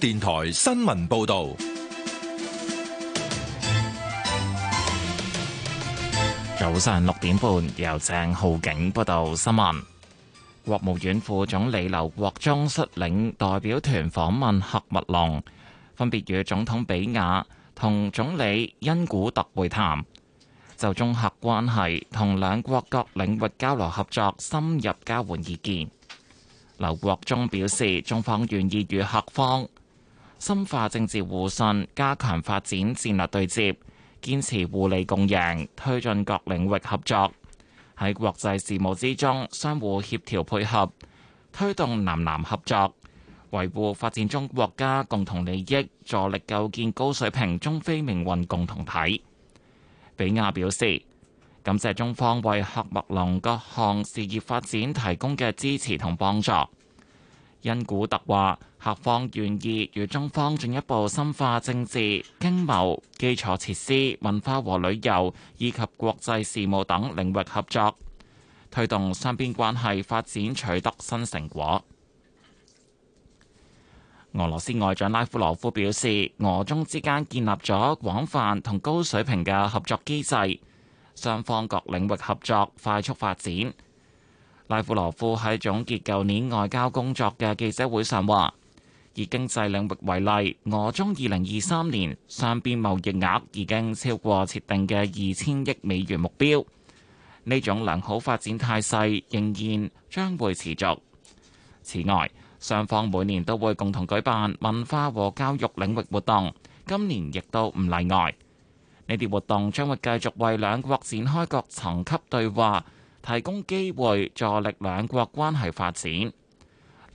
電台新聞報道，早上六點半由鄭浩景報道新聞。國務院副總理劉國中率領代表團訪問喀麥隆，分別與總統比亞同總理恩古特會談，就中喀關係同兩國各領域交流合作深入交換意見。劉國中表示，中方願意與喀方。深化政治互信，加強發展戰略對接，堅持互利共贏，推進各領域合作，喺國際事務之中相互協調配合，推動南南合作，維護發展中國家共同利益，助力構建高水平中非命運共同體。比亞表示感謝中方為喀麥隆各項事業發展提供嘅支持同幫助。因古特話。各方願意與中方進一步深化政治、經貿、基礎設施、文化和旅遊以及國際事務等領域合作，推動雙邊關係發展取得新成果。俄羅斯外長拉夫羅夫表示，俄中之間建立咗廣泛同高水平嘅合作機制，雙方各領域合作快速發展。拉夫羅夫喺總結舊年外交工作嘅記者會上話。以經濟領域為例，俄中二零二三年雙邊貿易額已經超過設定嘅二千億美元目標。呢種良好發展態勢仍然將會持續。此外，雙方每年都會共同舉辦文化和教育領域活動，今年亦都唔例外。呢啲活動將會繼續為兩國展開各層級對話，提供機會助力兩國關係發展。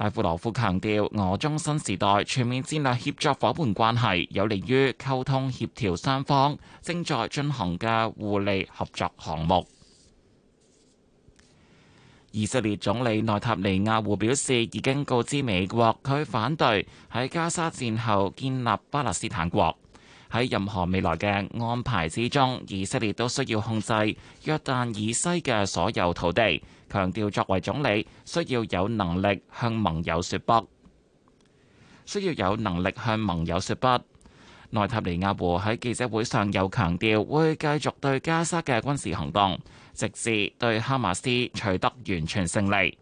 拉夫羅夫強調，俄中新時代全面戰略協作伙伴關係有利於溝通協調三方正在進行嘅互利合作項目。 以色列總理內塔尼亞胡表示，已經告知美國，佢反對喺加沙戰後建立巴勒斯坦國。喺任何未來嘅安排之中，以色列都需要控制約旦以西嘅所有土地。強調作為總理需要有能力向盟友說不，需要有能力向盟友說不。內塔尼亞胡喺記者會上又強調會繼續對加沙嘅軍事行動，直至對哈馬斯取得完全勝利。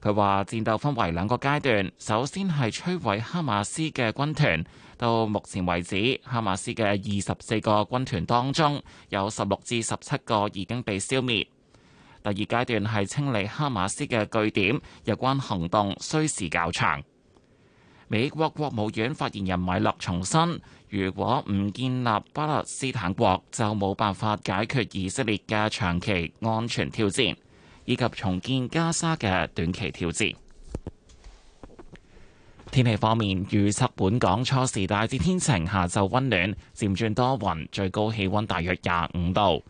佢話戰鬥分為兩個階段，首先係摧毀哈馬斯嘅軍團。到目前為止，哈馬斯嘅二十四個軍團當中有十六至十七個已經被消滅。第二階段係清理哈馬斯嘅據點，有關行動需時較長。美國國務院發言人米勒重申，如果唔建立巴勒斯坦國，就冇辦法解決以色列嘅長期安全挑戰，以及重建加沙嘅短期挑戰。天氣方面，預測本港初時大致天晴，下晝溫暖，漸轉多雲，最高氣溫大約廿五度，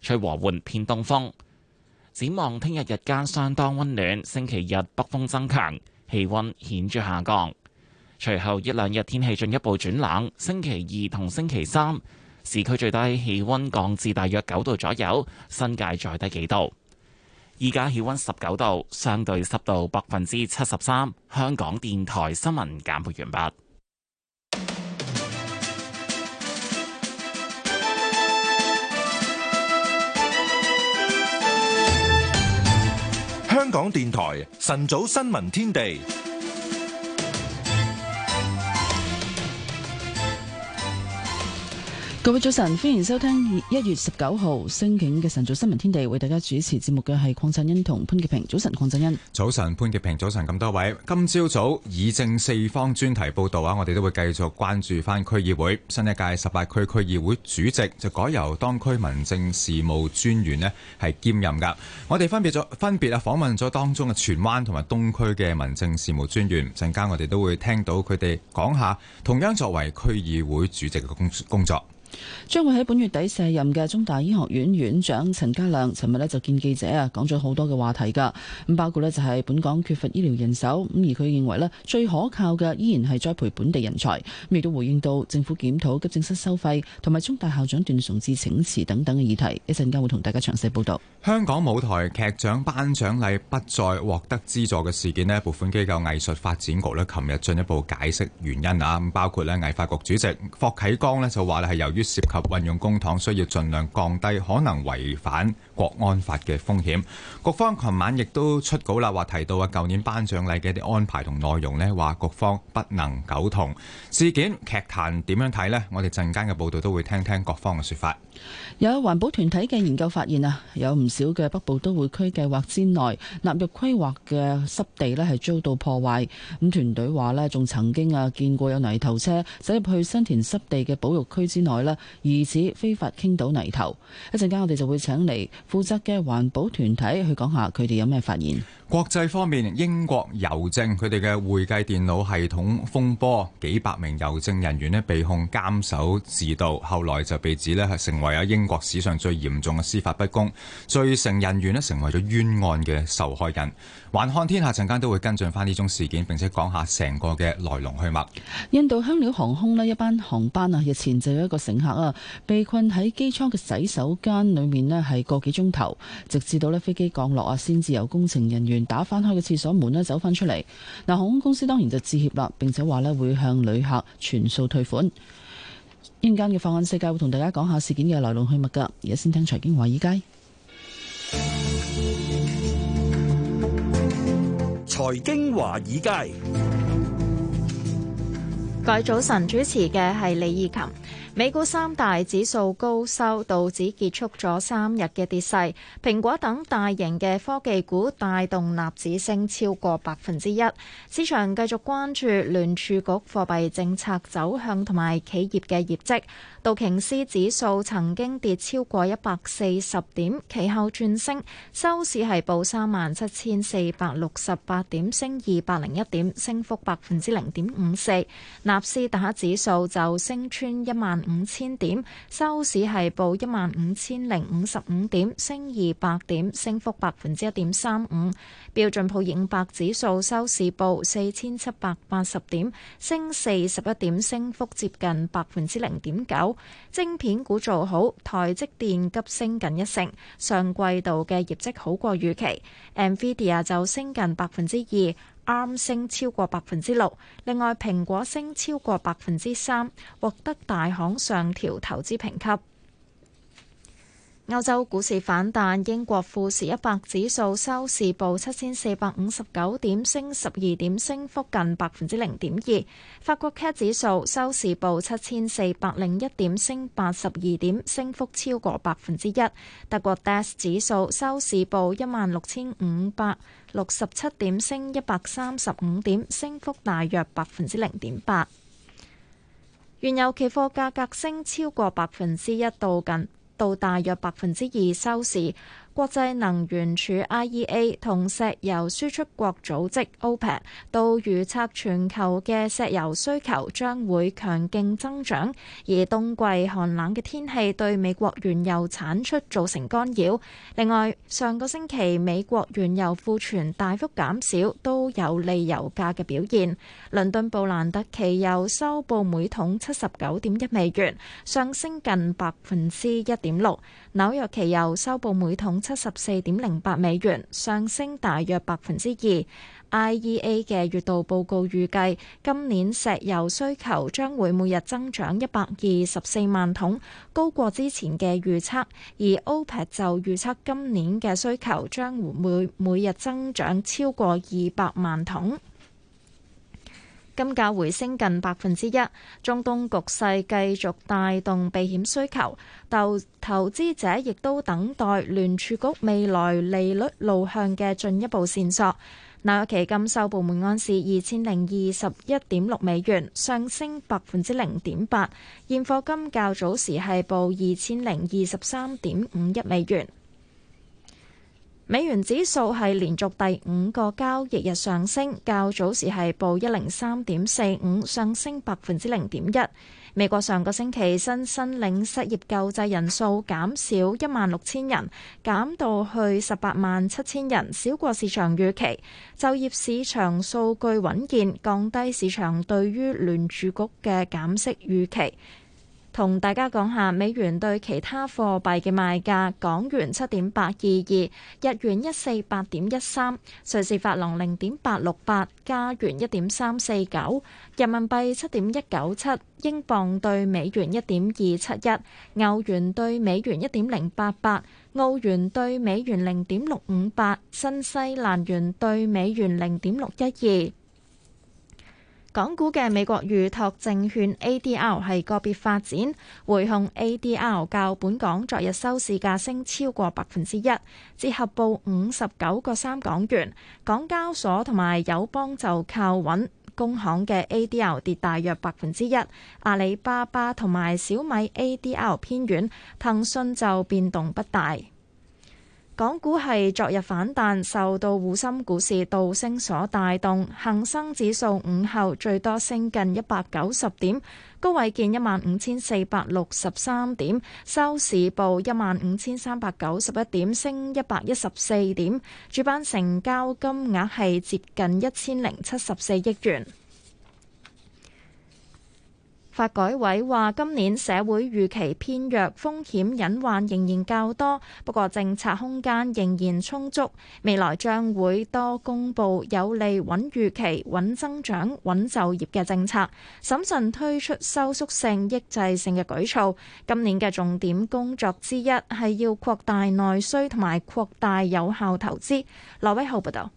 吹和緩偏東風。展望聽日日間相當溫暖，星期日北風增強，氣溫顯著下降。隨後一兩日天氣進一步轉冷，星期二同星期三市區最低氣溫降至大約九度左右，新界再低幾度。依家氣溫十九度，相對濕度百分之七十三。香港電台新聞簡報完畢。香港電台晨早新聞天地。各位早晨，歡迎收聽一月十九號星期嘅晨早新聞天地。為大家主持節目嘅係鄺振恩同潘潔平。早晨，鄺振恩。早晨，潘潔平。早晨，咁多位。今朝早，早以政四方專題報道啊，我哋都會繼續關注翻區議會新一屆十八區區議會主席就改由當區民政事務專員咧，係兼任噶。我哋分別咗分別啊，訪問咗當中嘅荃灣同埋東區嘅民政事務專員。陣間我哋都會聽到佢哋講下同樣作為區議會主席嘅工工作。將會喺本月底卸任嘅中大醫學院院長陳家亮，尋日咧就見記者啊，講咗好多嘅話題噶，咁包括呢就係本港缺乏醫療人手，咁而佢認為咧最可靠嘅依然係栽培本地人才。咁亦都回應到政府檢討急症室收費同埋中大校長段崇智請辭等等嘅議題。一陣間會同大家詳細報道。香港舞台劇獎頒獎禮不再獲得資助嘅事件呢，撥款機構藝術發展局呢，琴日進一步解釋原因啊，包括呢藝發局主席霍啟剛呢，就話咧係由於。涉及運用公帑，需要盡量降低可能違反國安法嘅風險，局方琴晚亦都出稿啦，話提到啊，舊年頒獎禮嘅一啲安排同內容咧，話局方不能苟同。事件劇壇點樣睇呢？我哋陣間嘅報道都會聽聽各方嘅說法。有環保團體嘅研究發現啊，有唔少嘅北部都會區計劃之內納入規劃嘅濕地呢係遭到破壞。咁團隊話呢，仲曾經啊見過有泥頭車駛入去新田濕地嘅保育區之內呢，疑似非法傾倒泥頭。一陣間我哋就會請嚟。負責嘅環保團體去講下佢哋有咩發現。國際方面，英國郵政佢哋嘅會計電腦系統風波，幾百名郵政人員咧被控監守自盜，後來就被指咧係成為啊英國史上最嚴重嘅司法不公，罪成人員咧成為咗冤案嘅受害人。環看天下陣間都會跟進翻呢宗事件，並且講下成個嘅來龍去脈。印度香料航空咧一班航班啊日前就有一個乘客啊被困喺機艙嘅洗手間裏面咧係個幾鐘頭，直至到呢飛機降落啊先至有工程人員。打翻開嘅廁所門咧，走翻出嚟。嗱，航空公司當然就致歉啦，並且話咧會向旅客全數退款。一陣間嘅放眼世界會同大家講下事件嘅來龍去脈噶。而家先聽財經華爾街。財經華爾街，各位早晨，主持嘅係李義琴。美股三大指數高收，道指結束咗三日嘅跌勢，蘋果等大型嘅科技股帶動納指升超過百分之一。市場繼續關注聯儲局貨幣政策走向同埋企業嘅業績。道瓊斯指數曾經跌超過一百四十點，其後轉升，收市係報三萬七千四百六十八點，升二百零一點，升幅百分之零點五四。納斯達克指數就升穿一萬。五千點收市係報一萬五千零五十五點，升二百點，升幅百分之一點三五。標準普爾五百指數收市報四千七百八十點，升四十一點，升幅接近百分之零點九。晶片股做好，台積電急升近一成，上季度嘅業績好過預期。NVIDIA 就升近百分之二。Arm 升超過百分之六，另外蘋果升超過百分之三，獲得大行上調投資評級。歐洲股市反彈，英國富時一百指數收市報七千四百五十九點升，升十二點，升幅近百分之零點二。法國 CAC 指數收市報七千四百零一點升，點升八十二點，升幅超過百分之一。德國 DAX 指數收市報一萬六千五百六十七點升，點升一百三十五點，升幅大約百分之零點八。原油期貨價格升超過百分之一，到近。到大約百分之二收市。國際能源署 IEA 同石油輸出國組織 OPEC 都預測全球嘅石油需求將會強勁增長，而冬季寒冷嘅天氣對美國原油產出造成干擾。另外，上個星期美國原油庫存大幅減少，都有利油價嘅表現。倫敦布蘭特期油收報每桶七十九點一美元，上升近百分之一點六。紐約期油收報每桶七十四點零八美元，上升大約百分之二。IEA 嘅月度報告預計今年石油需求將會每日增長一百二十四萬桶，高過之前嘅預測，而 OPEC 就預測今年嘅需求將會每，每日增長超過二百萬桶。金價回升近百分之一，中東局勢繼續帶動避險需求，投投資者亦都等待聯儲局未來利率路向嘅進一步線索。那期金收報每盎司二千零二十一點六美元，上升百分之零點八。現貨金較早時係報二千零二十三點五一美元。美元指數係連續第五個交易日上升，較早時係報一零三點四五，上升百分之零點一。美國上個星期新申領失業救濟人數減少一萬六千人，減到去十八萬七千人，少過市場預期。就業市場數據穩健，降低市場對於聯儲局嘅減息預期。同大家講下美元對其他貨幣嘅賣價：港元七點八二二，日元一四八點一三，瑞士法郎零點八六八，加元一點三四九，人民幣七點一九七，英鎊對美元一點二七一，歐元對美元一點零八八，澳元對美元零點六五八，新西蘭元對美元零點六一二。港股嘅美國預託證券 A D R 係個別發展，匯控 A D R 較本港昨日收市價升超過百分之一，折合報五十九個三港元。港交所同埋友邦就靠穩，工行嘅 A D R 跌大約百分之一。阿里巴巴同埋小米 A D R 偏軟，騰訊就變動不大。港股係昨日反彈，受到滬深股市倒升所帶動。恒生指數午後最多升近一百九十點，高位見一萬五千四百六十三點，收市報一萬五千三百九十一點，升一百一十四點。主板成交金額係接近一千零七十四億元。發改委話：今年社會預期偏弱，風險隱患仍然較多，不過政策空間仍然充足，未來將會多公布有利穩預期、穩增長、穩就業嘅政策。審慎推出收縮性、抑制性嘅舉措。今年嘅重點工作之一係要擴大內需同埋擴大有效投資。劉偉浩報導。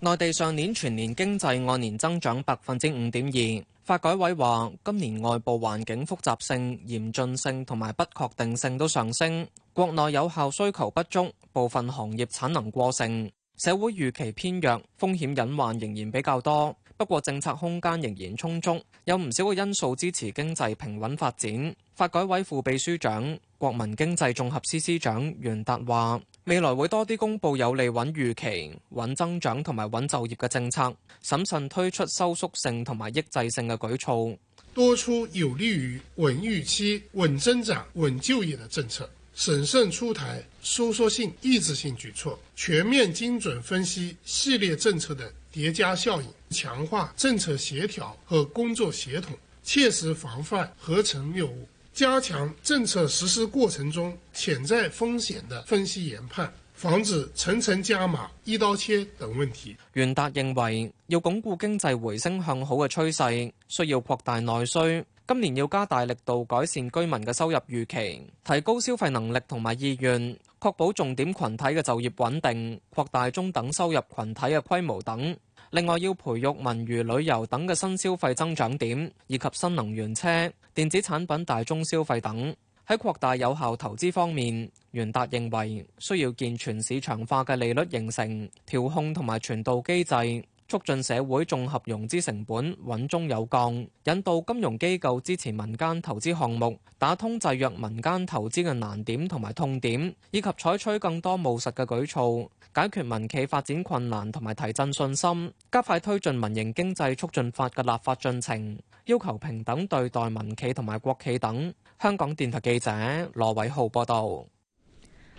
內地上年全年經濟按年增長百分之五點二。發改委話：今年外部環境複雜性、嚴峻性同埋不確定性都上升，國內有效需求不足，部分行業產能過剩，社會預期偏弱，風險隱患仍然比較多。不過，政策空間仍然充足，有唔少嘅因素支持經濟平穩發展。發改委副秘書長、國民經濟綜合司司長袁達話。未來會多啲公布有利穩預期、穩增長同埋穩就業嘅政策，審慎推出收縮性同埋抑制性嘅舉措，多出有利於穩預期、穩增長、穩就業嘅政策，審慎出台收縮性抑制性舉措，全面精準分析系列政策嘅疊加效應，強化政策協調和工作協同，切實防範合成謬誤。加強政策實施過程中潛在風險的分析研判，防止層層加碼、一刀切等問題。袁達認為，要鞏固經濟回升向好嘅趨勢，需要擴大內需。今年要加大力度改善居民嘅收入預期，提高消費能力同埋意願，確保重點群體嘅就業穩定，擴大中等收入群體嘅規模等。另外要培育文娛、旅遊等嘅新消費增長點，以及新能源車、電子產品、大宗消費等。喺擴大有效投資方面，袁達認為需要健全市場化嘅利率形成、調控同埋傳導機制。促進社會綜合融資成本穩中有降，引導金融機構支持民間投資項目，打通制約民間投資嘅難點同埋痛點，以及採取更多務實嘅舉措，解決民企發展困難同埋提振信心，加快推進《民營經濟促進法》嘅立法進程，要求平等對待民企同埋國企等。香港電台記者羅偉浩報道。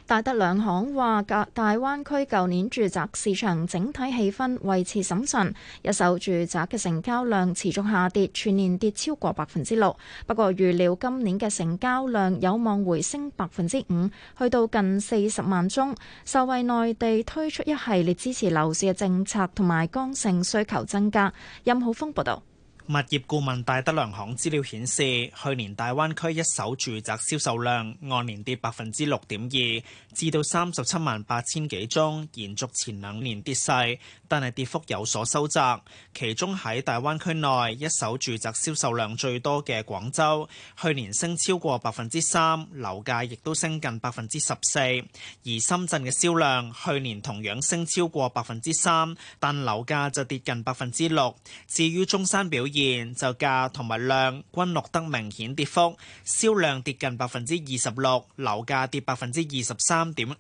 大德兩行話，大灣區舊年住宅市場整體氣氛維持審慎，一手住宅嘅成交量持續下跌，全年跌超過百分之六。不過預料今年嘅成交量有望回升百分之五，去到近四十萬宗，受惠內地推出一系列支持樓市嘅政策同埋剛性需求增加。任浩峰報道。物業顧問戴德梁行資料顯示，去年大灣區一手住宅銷售量按年跌百分之六點二，至到三十七萬八千幾宗，延續前兩年跌勢，但係跌幅有所收窄。其中喺大灣區內一手住宅銷售量最多嘅廣州，去年升超過百分之三，樓價亦都升近百分之十四。而深圳嘅銷量去年同樣升超過百分之三，但樓價就跌近百分之六。至於中山表現，現就價同埋量均錄得明顯跌幅，銷量跌近百分之二十六，樓價跌百分之二十三點五。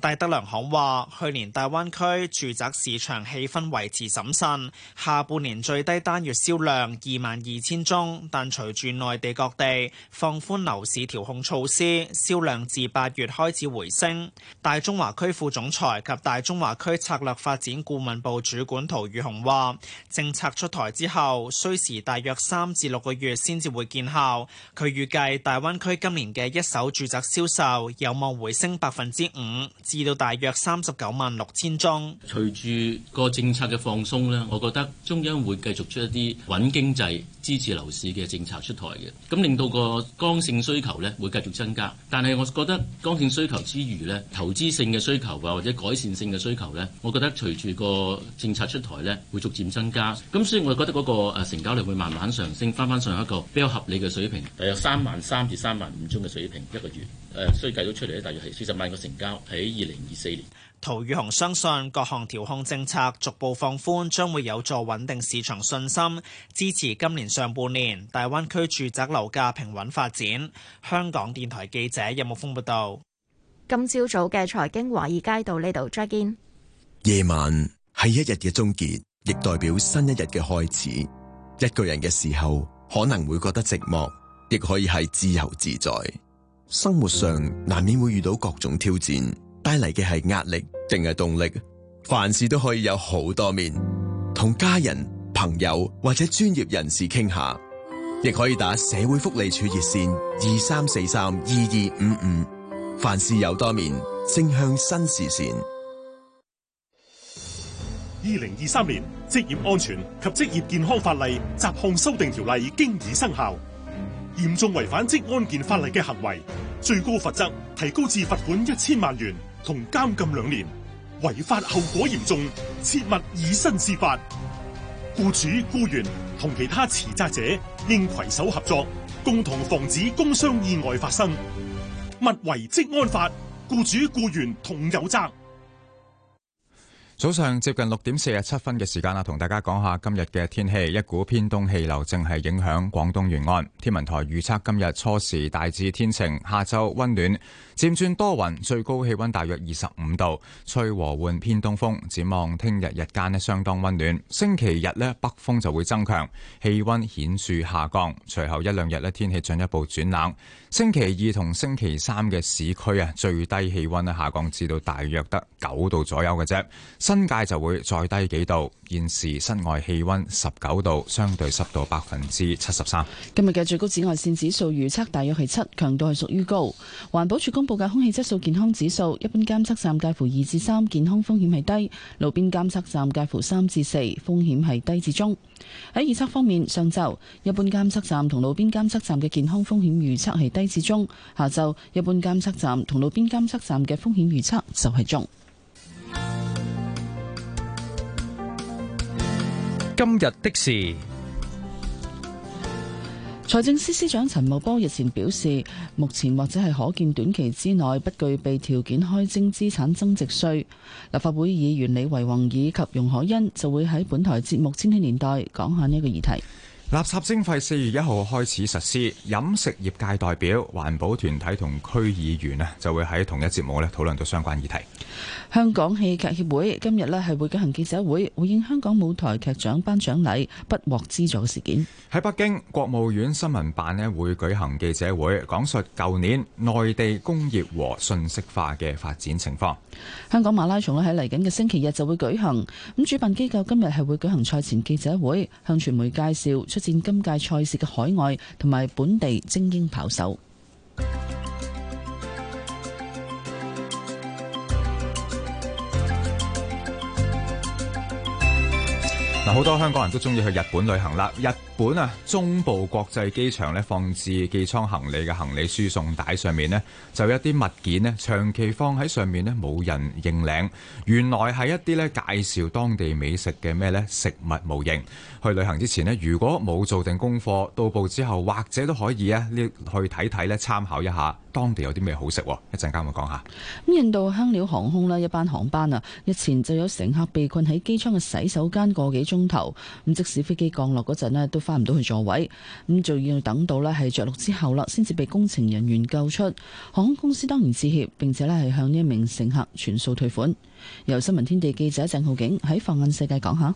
戴德梁行話：去年大灣區住宅市場氣氛維持審慎，下半年最低單月銷量二萬二千宗。但隨住內地各地放寬樓市調控措施，銷量自八月開始回升。大中華區副總裁及大中華區策略發展顧問部主管陶宇雄話：政策出台之後。需時大約三至六個月先至會見效。佢預計大灣區今年嘅一手住宅銷售有望回升百分之五，至到大約三十九萬六千宗。隨住個政策嘅放鬆呢，我覺得中央會繼續出一啲穩經濟、支持樓市嘅政策出台嘅，咁令到個剛性需求咧，會繼續增加。但係我覺得剛性需求之餘呢，投資性嘅需求或者改善性嘅需求呢，我覺得隨住個政策出台咧，會逐漸增加。咁所以我覺得嗰個誒，成交率會慢慢上升，翻翻上一個比較合理嘅水平，大概三萬三至三萬五宗嘅水平一個月。誒，所以計到出嚟大概係四十萬個成交喺二零二四年。陶宇雄相信，各項調控政策逐步放寬，將會有助穩定市場信心，支持今年上半年大灣區住宅樓價平穩發展。香港電台記者任木峯報道。今朝早嘅財經華爾街到呢度，再見。夜晚係一日嘅終結，亦代表新一日嘅開始。一個人嘅時候可能會覺得寂寞，亦可以係自由自在。生活上難免會遇到各種挑戰，帶嚟嘅係壓力定係動力。凡事都可以有好多面，同家人、朋友或者專業人士傾下，亦可以打社會福利處熱線二三四三二二五五。凡事有多面，正向新視線。二零二三年職業安全及職業健康法例雜項修訂條例經已生效，嚴重違反職安健法例嘅行為，最高罰則提高至罰款一千萬元同監禁兩年。違法後果嚴重，切勿以身試法。僱主、僱員同其他持責者應攜手合作，共同防止工傷意外發生。勿違職安法，僱主僱員同有責。早上接近六點四十七分嘅時間啊，同大家講下今日嘅天氣，一股偏東氣流正係影響廣東沿岸。天文台預測今日初時大致天晴，下晝溫暖，漸轉多雲，最高氣溫大約二十五度，吹和緩偏東風。展望聽日日間呢相當溫暖，星期日呢北風就會增強，氣溫顯著下降。隨後一兩日呢天氣進一步轉冷，星期二同星期三嘅市區啊最低氣溫呢下降至到大約得九度左右嘅啫。新界就會再低幾度，現時室外氣温十九度，相對濕度百分之七十三。今日嘅最高紫外線指數預測大約係七，強度係屬於高。環保署公佈嘅空氣質素健康指數，一般監測站介乎二至三，健康風險係低；路邊監測站介乎三至四，風險係低至中。喺預測方面，上晝一般監測站同路邊監測站嘅健康風險預測係低至中，下晝一般監測站同路邊監測站嘅風險預測就係中。 今日的事，財政司司長陳茂波日前表示，目前或者係可見短期之內不具備條件開徵資產增值稅。立法會議員李慧瓊以及容海恩就會喺本台節目《千禧年代》講下呢個議題。垃圾徵費四月一號開始實施，飲食業界代表、環保團體同區議員啊，就會喺同一節目呢討論到相關議題。香港戲劇協，協會今日呢係會舉行記者會，回應香港舞台劇獎頒獎禮不獲資助事件。喺北京，國務院新聞辦呢會舉行記者會，講述舊年內地工業和信息化嘅發展情況。香港馬拉松呢喺嚟緊嘅星期日就會舉行，咁主辦機構今日係會舉行賽前記者會，向傳媒介紹出戰今屆賽事嘅海外同埋本地精英跑手。嗱，好多香港人都中意去日本旅行啦。日本啊，中部國際機場咧，放置寄艙行李嘅行李輸送帶上面咧，就有一啲物件咧，長期放喺上面咧，冇人認領。原來係一啲咧介紹當地美食嘅咩咧食物模型。去旅行之前咧，如果冇做定功課，到步之後或者都可以啊，去睇睇咧，參考一下當地有啲咩好食。一陣間我講下。印度香料航空呢一班航班啊，日前就有乘客被困喺機艙嘅洗手間個幾鐘頭，咁即使飛機降落嗰陣都翻唔到去座位，咁仲要等到咧係着陸之後啦，先至被工程人員救出。航空公司當然致歉，並且咧係向呢一名乘客全數退款。由新聞天地記者鄭浩景喺放眼世界講下。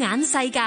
眼世界，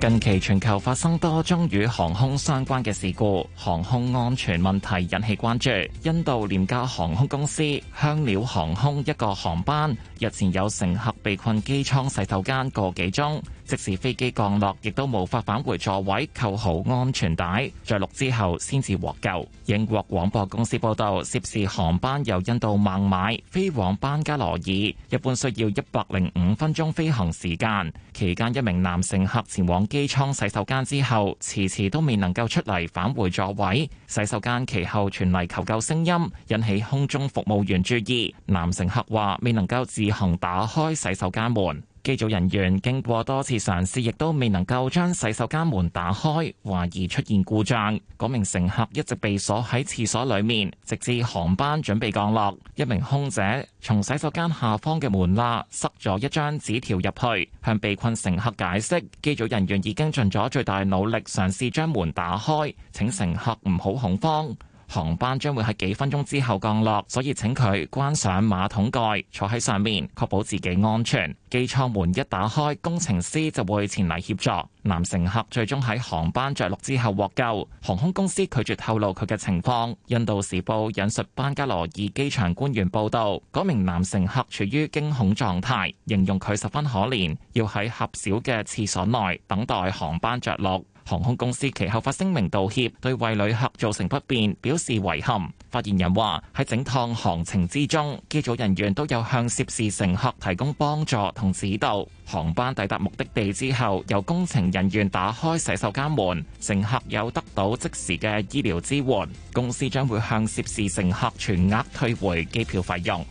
近期全球發生多宗與航空相關嘅事故，航空安全問題引起關注。印度廉價航空公司香料航空一個航班日前有乘客被困機艙洗手間個幾鐘。即使飛機降落，亦都無法返回座位，扣好安全帶，在落之後先至獲救。英國廣播公司報道，涉事航班由印度孟買飛往班加羅爾，一般需要一百零五分鐘飛行時間。期間一名男乘客前往機艙洗手間之後，遲遲都未能夠出嚟返回座位。洗手間其後傳嚟求救聲音，引起空中服務員注意。男乘客話未能夠自行打開洗手間門。機組人員經過多次嘗試，亦都未能夠將洗手間門打開，懷疑出現故障。嗰名乘客一直被鎖喺廁所裏面，直至航班準備降落。一名空姐從洗手間下方嘅門罅塞咗一張紙條入去，向被困乘客解釋，機組人員已經盡咗最大努力嘗試將門打開，請乘客唔好恐慌。航班將會喺幾分鐘之後降落，所以請佢關上馬桶蓋，坐喺上面，確保自己安全。機艙門一打開，工程師就會前嚟協助。男乘客最終喺航班着陸之後獲救。航空公司拒絕透露佢嘅情況。印度時報引述班加羅爾機場官員報道，嗰名男乘客處於驚恐狀態，形容佢十分可憐，要喺狹小嘅廁所內等待航班着陸。航空公司其後發聲明道歉，對為旅客造成不便表示遺憾。發言人話：喺整趟航程之中，機組人員都有向涉事乘客提供幫助同指導。航班抵達目的地之後，由工程人員打開洗手間門，乘客有得到即時嘅醫療支援。公司將會向涉事乘客全額退回機票費用。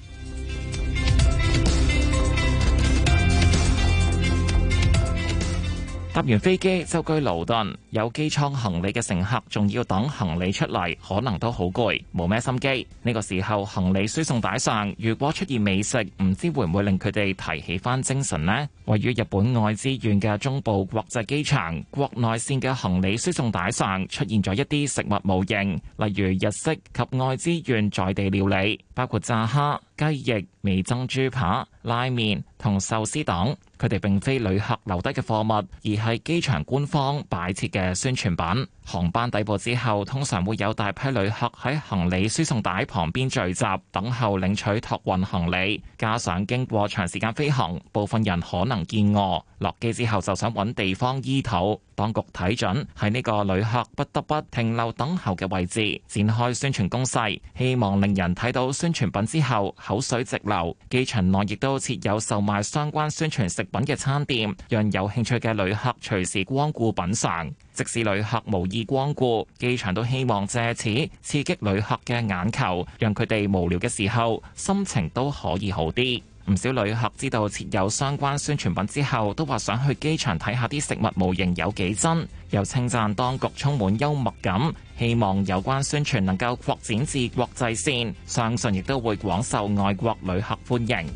搭完飛機就居勞頓，有機艙行李嘅乘客仲要等行李出嚟，可能都好攰，冇咩心機。呢個時候，行李輸送帶上如果出現美食，唔知會唔會令佢哋提起返精神呢？位於日本愛知縣嘅中部國際機場，國內線嘅行李輸送帶上出現咗一啲食物模型，例如日式及愛知縣在地料理。包括炸蝦、雞翼、味噌豬扒、拉麵同壽司等，佢哋並非旅客留低嘅貨物，而係機場官方擺設嘅宣傳品。航班抵埗之後，通常會有大批旅客喺行李輸送帶旁邊聚集，等候領取託運行李。加上經過長時間飛行，部分人可能見餓。落機之後就想揾地方醫肚，當局睇準喺呢個旅客不得不停留等候嘅位置，展開宣傳攻勢，希望令人睇到宣傳品之後口水直流。機場內亦都設有售賣相關宣傳食品嘅餐店，讓有興趣嘅旅客隨時光顧品嚐。即使旅客無意光顧，機場都希望借此刺激旅客嘅眼球，讓佢哋無聊嘅時候心情都可以好啲。唔少旅客知道設有相關宣傳品之後，都話想去機場睇下啲食物模型有幾真，又稱讚當局充滿幽默感，希望有關宣傳能夠擴展至國際線，相信亦都會廣受外國旅客歡迎。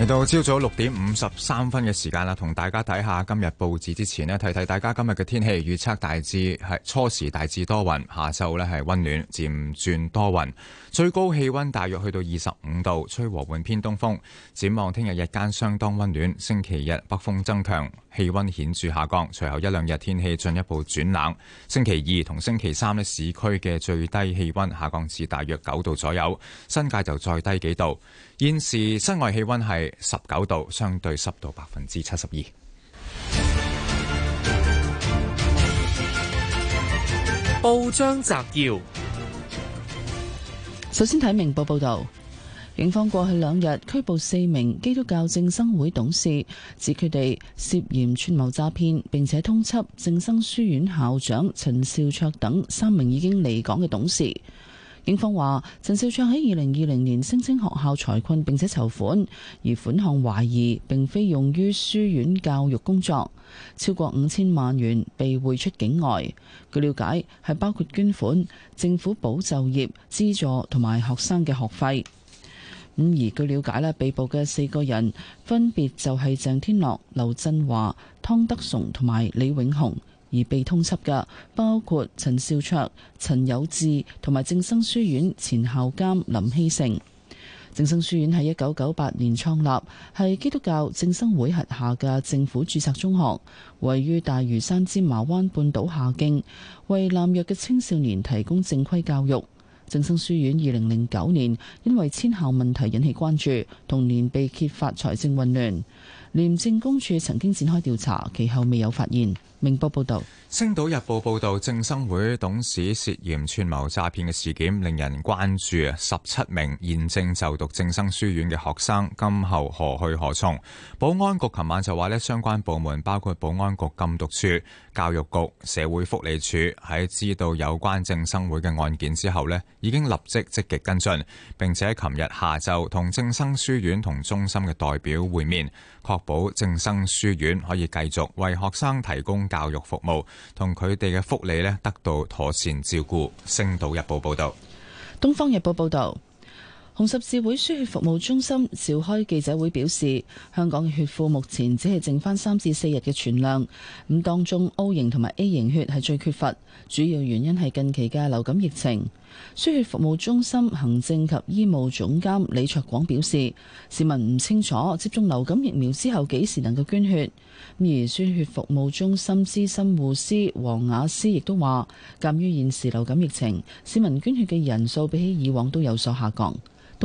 嚟到朝早六點五十三分嘅時間啦，同大家睇下今日報紙之前呢，提提大家今日嘅天氣預測大致係初時大致多雲，下晝呢係溫暖漸轉多雲，最高氣溫大約去到二十五度，吹和緩偏東風。展望聽日日間相當溫暖，星期日北風增強，氣溫顯著下降，隨後一兩日天氣進一步轉冷。星期二同星期三呢，市區嘅最低氣溫下降至大約九度左右，新界就再低幾度。現時室外氣温係十九度，相對濕度百分之七十二。報章摘要：首先睇明報報道，警方過去兩日拘捕四名基督教正生會董事，指佢哋涉嫌串謀詐騙，並且通緝正生書院校長陳兆卓等三名已經離港嘅董事。警方話，陳少卓喺二零二零年聲稱學校財困並且籌款，而款項懷疑並非用於書院教育工作，超過五千萬元被匯出境外。據了解，係包括捐款、政府保就業資助同埋學生嘅學費。咁而據了解咧，被捕嘅四個人分別就係鄭天樂、劉振華、湯德崇同埋李永雄。而被通緝嘅包括陳少卓、陳有志同埋正生書院前校監林希成。正生書院喺一九九八年創立，係基督教正生會轄下嘅政府注冊中學，位於大嶼山芝麻灣半島下徑，為濫藥嘅青少年提供正規教育。正生書院二零零九年因為遷校問題引起關注，同年被揭發財政混亂，廉政公署曾經展開調查，其後未有發現。明報報道，《星島日報》報道，正生會董事涉嫌串謀詐騙嘅事件令人關注。十七名現正就讀正生書院嘅學生，今後何去何從？保安局琴晚就話咧，相關部門包括保安局禁毒處、教育局、社會福利署喺知道有關正生會嘅案件之後咧，已經立即積極跟進，並且琴日下晝同正生書院同中心嘅代表會面，確保正生書院可以繼續為學生提供教育服務同佢哋嘅福利咧，得到妥善照顧。星島日報報道，東方日報報道，紅十字會輸血服務中心召開記者會表示，香港嘅血庫目前只係剩翻三至四日嘅存量，咁當中 O 型同埋 A 型血係最缺乏，主要原因係近期嘅流感疫情。輸血服務中心行政及醫務總監李卓廣表示，市民唔清楚接種流感疫苗之後幾時能夠捐血。而輸血服務中心資深護師黃雅詩亦都話，鑑於現時流感疫情，市民捐血嘅人數比起以往都有所下降。《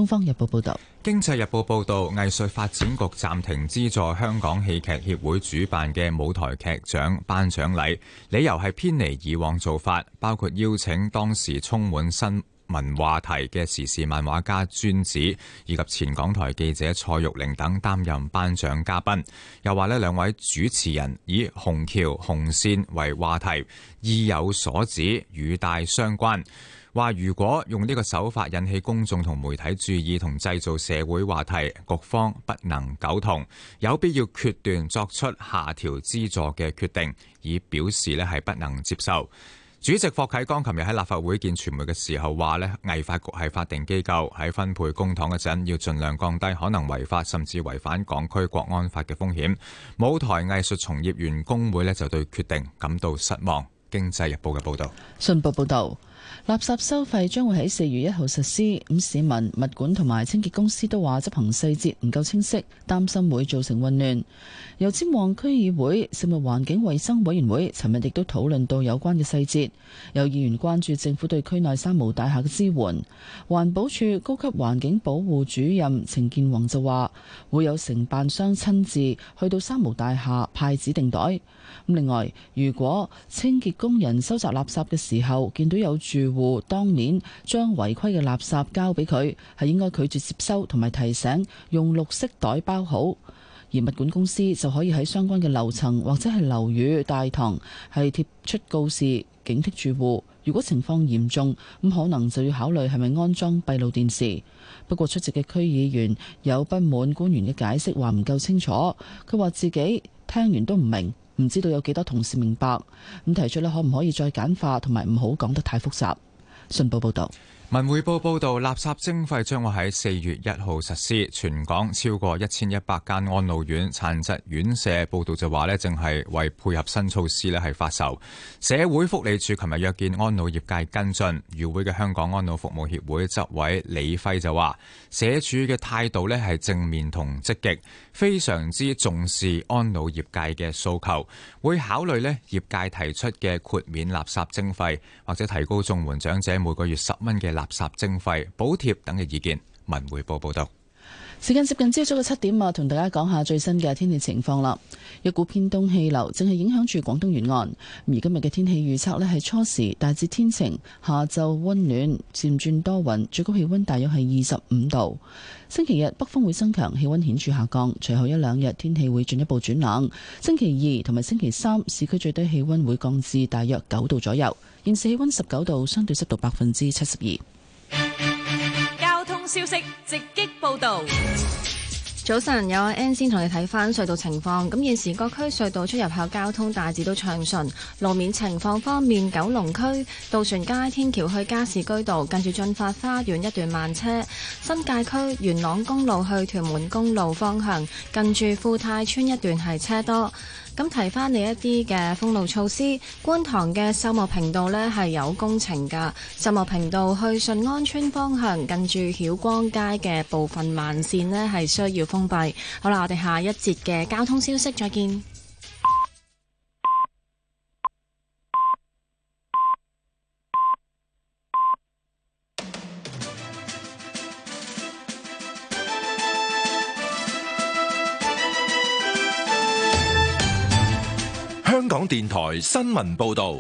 東方日報》報道。《經濟日報》報導，藝術發展局暫停資助香港戲劇協會主辦嘅舞台劇獎頒獎禮，理由係偏離以往做法，包括邀請當時充滿新聞話題嘅時事漫畫家尊子以及前港台記者蔡玉玲等擔任頒獎嘉賓，又話呢兩位主持人以紅橋紅線為話題，意有所指，語帶雙關。話如果用呢個手法引起公眾同媒體注意同製造社會話題，局方不能苟同，有必要決斷作出下調資助嘅決定，以表示呢係不能接受。主席霍啟剛琴日喺立法會見傳媒嘅時候話呢藝發局係法定機構，喺分配公帑嗰陣要盡量降低可能違法甚至違反港區國安法嘅風險。舞台藝術從業員工會呢就對決定感到失望。經濟日報嘅報道，信報報道。垃圾收費將會喺四月一號實施，咁市民、物管同埋清潔公司都話執行細節唔夠清晰，擔心會造成混亂。由尖旺區議會食物環境衛生委員會尋日亦都討論到有關嘅細節。有議員關注政府對區內三無大廈嘅支援。環保署高級環境保護主任程建宏就話，會有承辦商親自去到三無大廈派指定袋。咁另外，如果清潔工人收集垃圾嘅時候見到有住戶當面將違規嘅垃圾交俾佢，係應該拒絕接收同埋提醒用綠色袋包好。而物管公司就可以喺相關嘅樓層或者係樓宇大堂係貼出告示，警惕住戶。如果情況嚴重，咁可能就要考慮係咪安裝閉路電視。不過出席嘅區議員有不滿官員嘅解釋話唔夠清楚。佢話自己聽完都唔明，唔知道有幾多同事明白咁提出咧，可唔可以再簡化，同埋唔好講得太複雜，信報報道。文匯報報道，垃圾徵費將會喺四月一號實施，全港超過一千一百間安老院、殘疾院舍，報道就話咧，正係為配合新措施咧，係發售。社會福利處琴日約見安老業界跟進，與會嘅香港安老服務協會執委李輝就話，社署嘅態度咧係正面同積極，非常之重視安老業界嘅訴求，會考慮咧業界提出嘅豁免垃圾徵費或者提高綜援長者每個月十蚊嘅垃圾徵費、補貼等嘅意見。文匯報報道，時間接近朝早嘅七點啊，同大家講下最新嘅天氣情況啦。一股偏東氣流正係影響住廣東沿岸，而今日嘅天氣預測呢，係初時大致天晴，下晝溫暖，漸轉多雲，最高氣溫大約係二十五度。星期日北風會增強，氣溫顯著下降，隨後一兩日天氣會進一步轉冷。星期二同埋星期三市區最低氣溫會降至大約九度左右，現時氣溫十九度，相對濕度百分之七十二。消息直擊報道。早晨，有阿 N 先同你睇返隧道情況。咁現時各區隧道出入口交通大致都暢順。路面情況方面，九龍區渡船街天橋去加士居道近住駿發花園一段慢車，新界區元朗公路去屯門公路方向近住富泰村一段係車多。咁提翻你一啲嘅封路措施，觀塘嘅秀茂坪道呢係有工程噶秀茂坪道去順安村方向，近住曉光街嘅部分慢線呢係需要封閉。好啦，我哋下一節嘅交通消息，再見。香港電台新聞報道，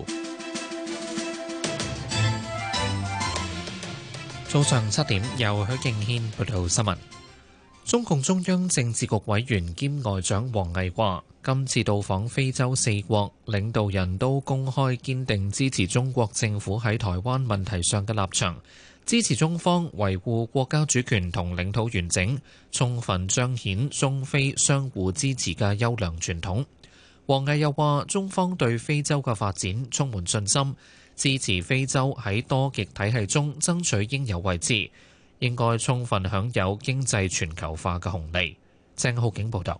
早上七點，由許敬軒報道新聞。中共中央政治局委員兼外長王毅話，今次到訪非洲四國，領導人都公開堅定支持中國政府喺台灣問題上嘅立場，支持中方維護國家主權同領土完整，充分彰顯中非相互支持嘅優良傳統。王毅又話：中方對非洲嘅發展充滿信心，支持非洲喺多極體系中爭取應有位置，應該充分享有經濟全球化嘅紅利。鄭浩景報道。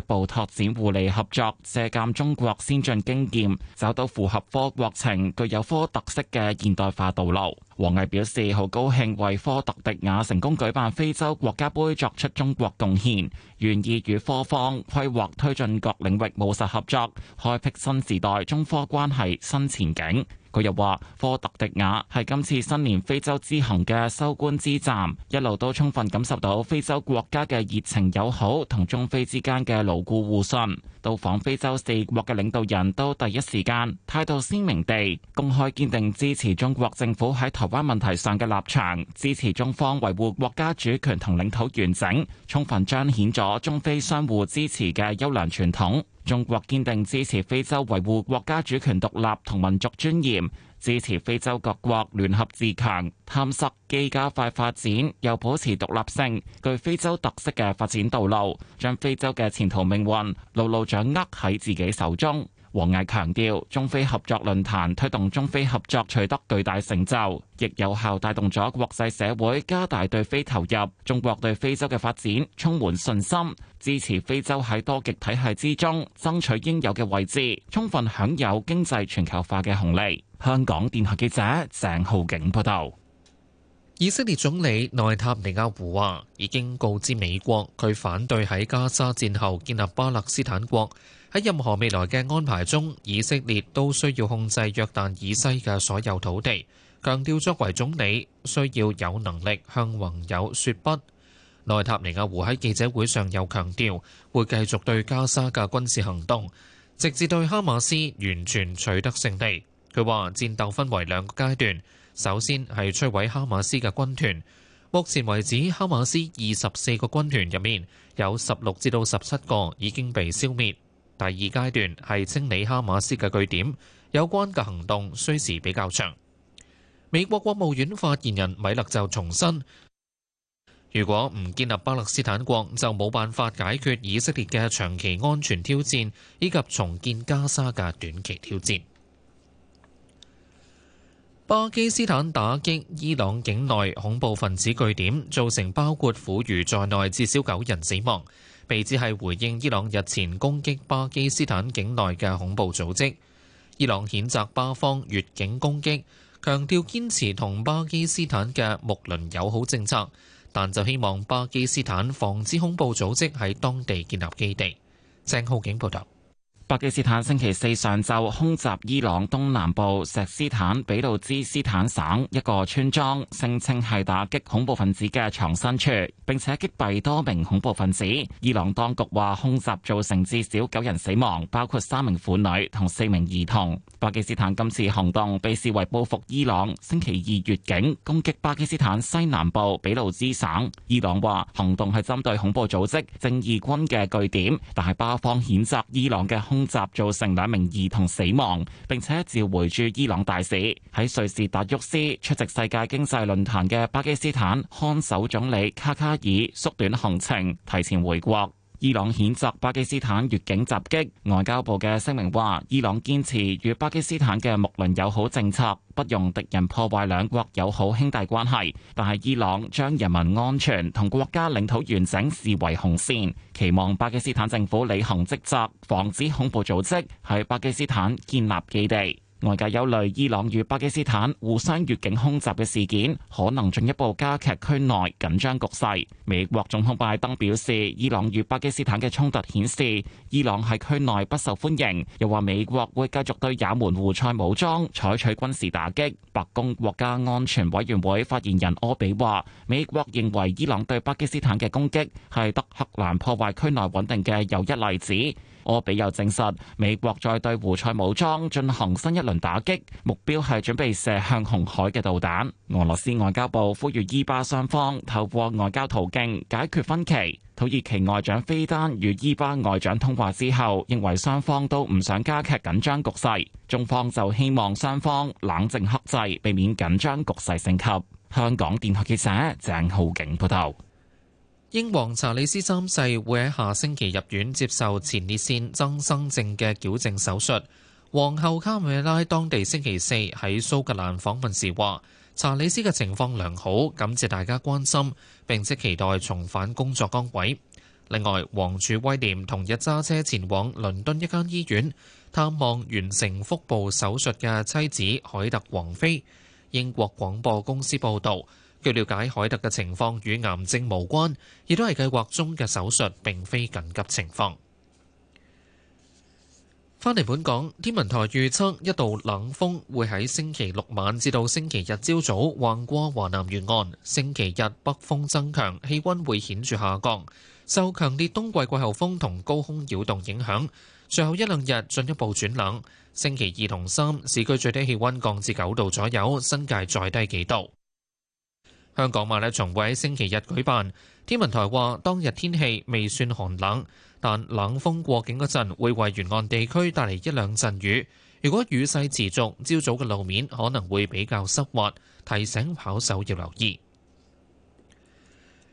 一步拓展互利合作，借鑒中國先進經驗，找到符合科國情、具有科特色嘅現代化道路。王毅表示，好高興為科特迪瓦成功舉辦非洲國家杯作出中國貢獻，願意與科方規劃推進各領域務實合作，開闢新時代中科關係新前景。佢又話科特迪瓦係今次新年非洲之行嘅收官之站，一路都充分感受到非洲國家嘅熱情友好同中非之間嘅牢固互信。到訪非洲四國嘅領導人都第一時間態度鮮明地公開堅定支持中國政府喺台灣問題上嘅立場，支持中方維護國家主權同領土完整，充分彰顯咗中非相互支持嘅優良傳統。中國堅定支持非洲維護國家主權獨立同民族尊嚴，支持非洲各國聯合自強，探索既加快發展又保持獨立性、具非洲特色嘅發展道路，將非洲嘅前途命運牢牢掌握喺自己手中。王毅強調，中非合作論壇推動中非合作取得巨大成就，亦有效帶動咗國際社會加大對非投入。中國對非洲嘅發展充滿信心，支持非洲喺多極體系之中爭取應有嘅位置，充分享有經濟全球化嘅紅利。香港電台記者鄭浩景報道。以色列總理內塔尼亞胡話已經告知美國，佢反對喺加沙戰後建立巴勒斯坦國。喺任何未來嘅安排中，以色列都需要控制約旦以西嘅所有土地。強調作為總理需要有能力向盟友說不。內塔尼亞胡喺記者會上又強調，會繼續對加沙嘅軍事行動，直至對哈馬斯完全取得勝利。佢話戰鬥分為兩個階段，首先係摧毀哈馬斯嘅軍團。目前為止，哈馬斯二十四個軍團入面有十六至到十七個已經被消滅。第二階段係清理哈馬斯嘅據點，有關嘅行動需時比較長。美國國務院發言人米勒就重申，如果唔建立巴勒斯坦國，就冇辦法解決以色列嘅長期安全挑戰，以及重建加沙嘅短期挑戰。巴基斯坦打擊伊朗境內恐怖分子據點，造成包括婦孺在內至少九人死亡。被指係回應伊朗日前攻擊巴基斯坦境內嘅恐怖組織，伊朗譴責巴方越境攻擊，強調堅持同巴基斯坦嘅睦鄰友好政策，但就希望巴基斯坦防止恐怖組織喺當地建立基地。鄭浩景報道。巴基斯坦星期四上晝空襲伊朗東南部石斯坦比路茲斯坦省一個村莊，聲稱係打擊恐怖分子嘅藏身處，並且擊斃多名恐怖分子。伊朗當局話空襲造成至少九人死亡，包括三名婦女同四名兒童。巴基斯坦今次行動被視為報復伊朗星期二越境攻擊巴基斯坦西南部比路茲省。伊朗話行動係針對恐怖組織正義軍嘅據點，但係巴方譴責伊朗嘅空集造成兩名兒童死亡，並且召回駐伊朗大使。喺瑞士達沃斯出席世界經濟論壇嘅巴基斯坦看守總理卡卡爾縮短行程，提前回國。伊朗譴責巴基斯坦越境襲擊，外交部嘅聲明話：伊朗堅持與巴基斯坦嘅睦鄰友好政策，不容敵人破壞兩國友好兄弟關係。但係伊朗將人民安全同國家領土完整視為紅線，期望巴基斯坦政府履行職責，防止恐怖組織喺巴基斯坦建立基地。外界憂慮伊朗與巴基斯坦互相越境空襲嘅事件，可能進一步加劇區內緊張局勢。美國總統拜登表示，伊朗與巴基斯坦嘅衝突顯示伊朗喺區內不受歡迎。又話美國會繼續對也門胡塞武裝採取軍事打擊。白宮國家安全委員會發言人柯比話：美國認為伊朗對巴基斯坦嘅攻擊係德黑蘭破壞區內穩定嘅又一例子。我比又證實，美國在對胡塞武裝進行新一輪打擊，目標係準備射向紅海嘅導彈。俄羅斯外交部呼籲伊巴雙方透過外交途徑解決分歧。土耳其外長菲丹與伊巴外長通話之後，認為雙方都唔想加劇緊張局勢。中方就希望雙方冷靜克制，避免緊張局勢升級。香港電台記者鄭浩景報道。英皇查理斯三世會喺下星期入院接受前列腺增生症嘅矯正手術，皇后卡梅拉當地星期四喺蘇格蘭訪問時話查理斯嘅情況良好，感謝大家關心，並且期待重返工作崗位。另外，王儲威廉同日揸車前往倫敦一間醫院探望完成腹部手術嘅妻子凱特王妃。英國廣播公司報道。據了解，凱特嘅情況與癌症無關，亦都係計劃中嘅手術，並非緊急情況。返嚟本港，天文台預測一道冷鋒會喺星期六晚至到星期日朝早橫過華南沿岸，星期日北風增強，氣溫會顯著下降。受強烈冬季季候風同高空擾動影響，最後一兩日進一步轉冷。星期二同三，市區最低氣溫降至九度左右，新界再低幾度。香港馬拉松會喺星期日舉辦。天文台話當日天氣未算寒冷，但冷鋒過境嗰陣會為沿岸地區帶嚟一兩陣雨。如果雨勢持續，朝早嘅路面可能會比較濕滑，提醒跑手要留意。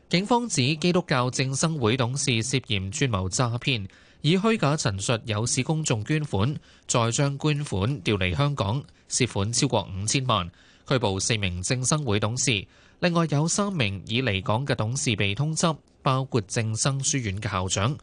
警方指基督教正生會董事涉嫌串謀詐騙，以虛假陳述誘使公眾捐款，再將捐款調離香港，涉款超過五千萬，拘捕四名正生會董事。另外有三名已離港嘅董事被通緝，包括正生書院嘅校長。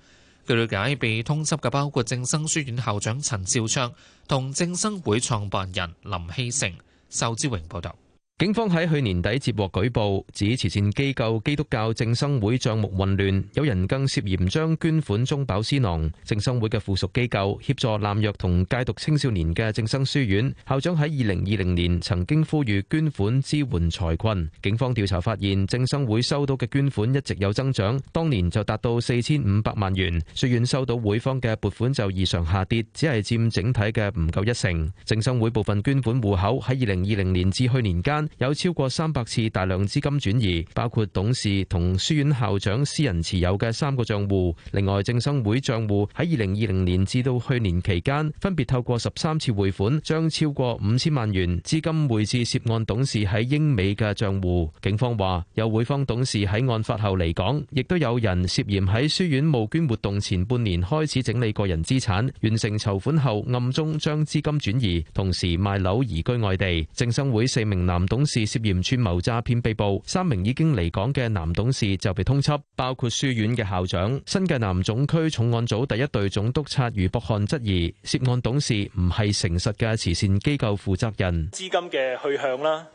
據了解，被通緝嘅包括正生書院校長陳兆昌同正生會創辦人林希成。仇志榮報道。警方喺去年底接獲舉報，指慈善機構基督教正生會賬目混亂，有人更涉嫌將捐款中飽私囊。正生會嘅附屬機構協助濫藥同戒毒青少年嘅正生書院校長喺二零二零年曾經呼籲捐款支援財困。警方調查發現，正生會收到嘅捐款一直有增長，當年就達到四千五百萬元。書院收到會方嘅撥款就異常下跌，只係佔整體嘅唔夠一成。正生會部分捐款戶口喺二零二零年至去年間。有超過三百次大量資金轉移，包括董事同書院校長私人持有嘅三個賬戶。另外，正生會賬戶喺二零二零年至到去年期間，分別透過十三次匯款，將超過五千萬元資金匯至涉案董事喺英美嘅賬戶。警方話有會方董事喺案發後嚟港，亦都有人涉嫌喺書院募捐活動前半年開始整理個人資產，完成籌款後暗中將資金轉移，同時賣樓移居外地。正生會四名男董事涉嫌串謀詐騙被捕，三名已經離港嘅男董事就被通緝，包括書院嘅校長。新界南總區重案組第一隊總督察余博漢質疑，涉案董事唔係誠實嘅慈善機構負責人，資金嘅去向啦，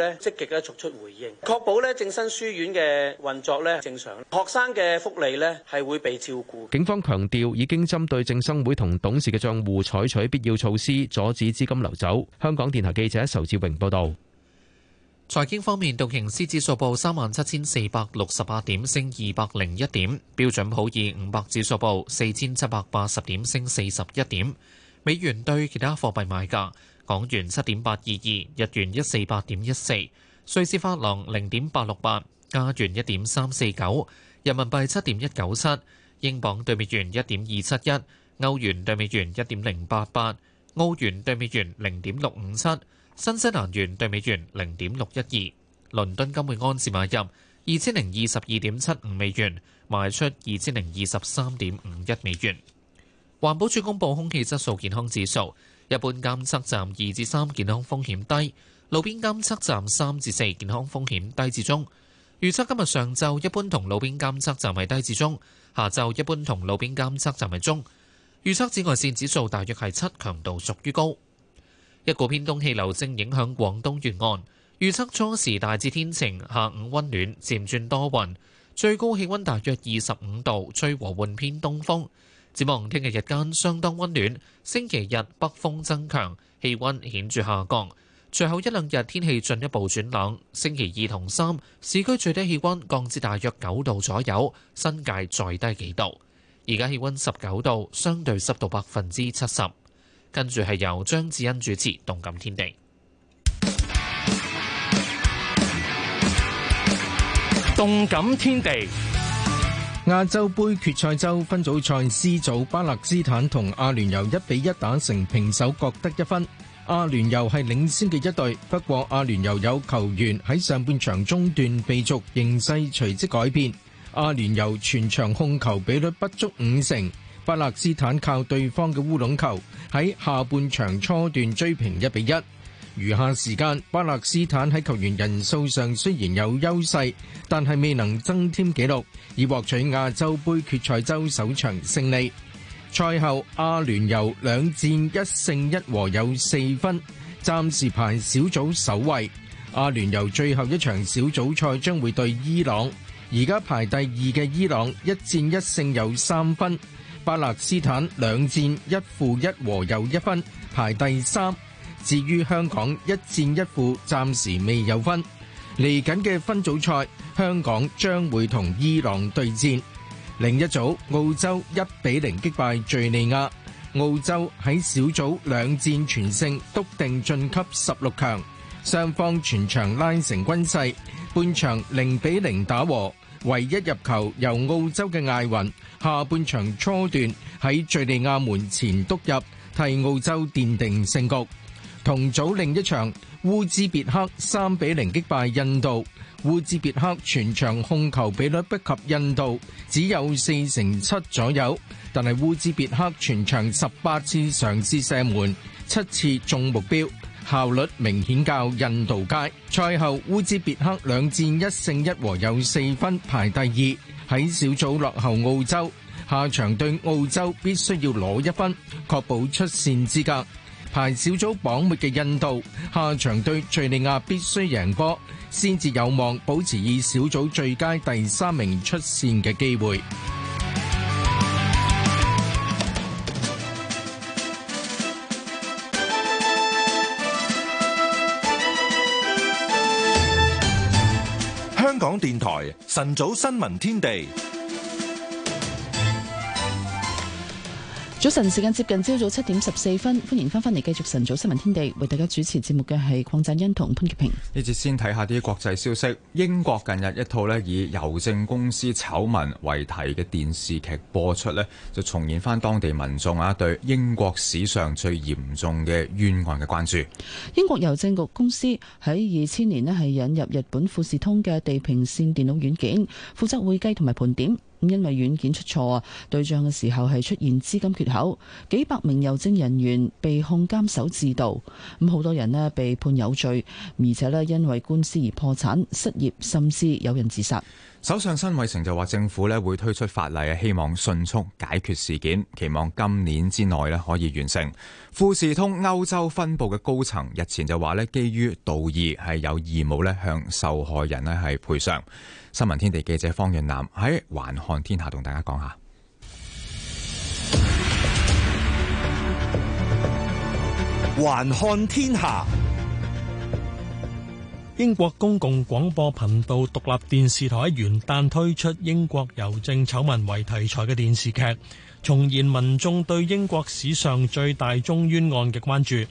咧積極咧作出回應，確保咧正生書院嘅運作咧正常，學生嘅福利咧係會被照顧。警方強調已經針對正生會同董事嘅帳戶採取必要措施，阻止資金流走。香港電台記者仇志榮報道，財經方面，道瓊斯指數報三萬七千四百六十八點，升二百零一點；標準普爾五百指數報四千七百八十點，升四十一點。美元對其他貨幣買價。港元七點八二二，日元一四八點一四，瑞士法郎零點八六八，加元一點三四九，人民幣七點一九七，英鎊對美元一點二七一，歐元對美元一點零八八，澳元對美元零點六五七，新西蘭元對美元零點六一二。倫敦金每盎司買入二千零二十二點七五美元，賣出二千零二十三點五一美元。環保署公布空氣質素健康指數。一般監測站二至三健康風險低，路邊監測站三至四健康風險低至中。預測今日上晝一般同路邊監測站係低至中，下晝一般同路邊監測站係中。預測紫外線指數大約係七，強度屬於高。一股偏東氣流正影響廣東沿岸，預測初時大致天晴，下午温暖漸轉多雲，最高氣温大約二十五度，吹和緩偏東風。展望聽日日間相當温暖，星期日北風增強，氣温顯著下降。最後一兩日天氣進一步轉冷，星期二同三市區最低氣温降至大約九度左右，新界再低幾度。而家氣温十九度，相對濕度百分之七十。跟住係由張智恩主持《動感天地》，《動感天地》。亞洲盃決賽周分組賽 C 組，巴勒斯坦同阿聯酋一比一打成平手，各得一分。阿聯酋係領先嘅一隊，不過阿聯酋有球員喺上半場中段被逐，形勢隨即改變。阿聯酋全場控球比率不足五成，巴勒斯坦靠對方嘅烏龍球喺下半場初段追平一比一。餘下時間，巴勒斯坦喺球員人數上雖然有優勢，但係未能增添紀錄，以獲取亞洲盃決賽周首場勝利。賽後，阿聯酋兩戰一勝一和有四分，暫時排小組首位。阿聯酋最後一場小組賽將會對伊朗。而家排第二嘅伊朗一戰一勝有三分，巴勒斯坦兩戰一負一和有一分，排第三。至於香港一戰一負，暫時未有分。嚟緊嘅分組賽，香港將會同伊朗對戰。另一組澳洲一比零擊敗敍利亞，澳洲喺小組兩戰全勝，篤定晉級十六強。雙方全場拉成均勢，半場零比零打和，唯一入球由澳洲嘅艾雲，下半場初段喺敍利亞門前篤入，替澳洲奠定勝局。同組另一場烏茲別克三比零擊敗印度。烏茲別克全場控球比率不及印度，只有四成七左右。但係烏茲別克全場十八次嘗試射門，七次中目標，效率明顯較印度佳。賽後烏茲別克兩戰一勝一和有，有四分排第二，喺小組落後澳洲。下場對澳洲必須要攞一分，確保出線資格。排小組榜末嘅印度，下場對敍利亞必須贏波，先至有望保持以小組最佳第三名出線嘅機會。香港電台晨早新聞天地。早晨，時間接近朝早七點十四分，歡迎翻返嚟繼續晨早新聞天地，為大家主持節目嘅係鄺贊恩同潘潔平。呢次先睇下啲國際消息，英國近日一套咧以郵政公司醜聞為題嘅電視劇播出咧，就重現翻當地民眾啊對英國史上最嚴重嘅冤案嘅關注。英國郵政局公司喺二千年咧係引入日本富士通嘅地平線電腦軟件，負責會計同埋盤點。因為軟件出錯啊，對賬嘅時候係出現資金缺口，幾百名郵政人員被控監守自盜，咁好多人咧被判有罪，而且咧因為官司而破產、失業，甚至有人自殺。首相辛偉誠就話政府咧會推出法例，希望迅速解決事件，期望今年之內咧可以完成。富士通歐洲分部嘅高層日前就話咧，基於道義係有義務咧向受害人咧係賠償。新聞天地記者方遠南喺《環看天下》同大家講下，《環看天下》，英國公共廣播頻道獨立電視台喺元旦推出英國郵政醜聞為題材嘅電視劇，重現民眾對英國史上最大中冤案嘅關注。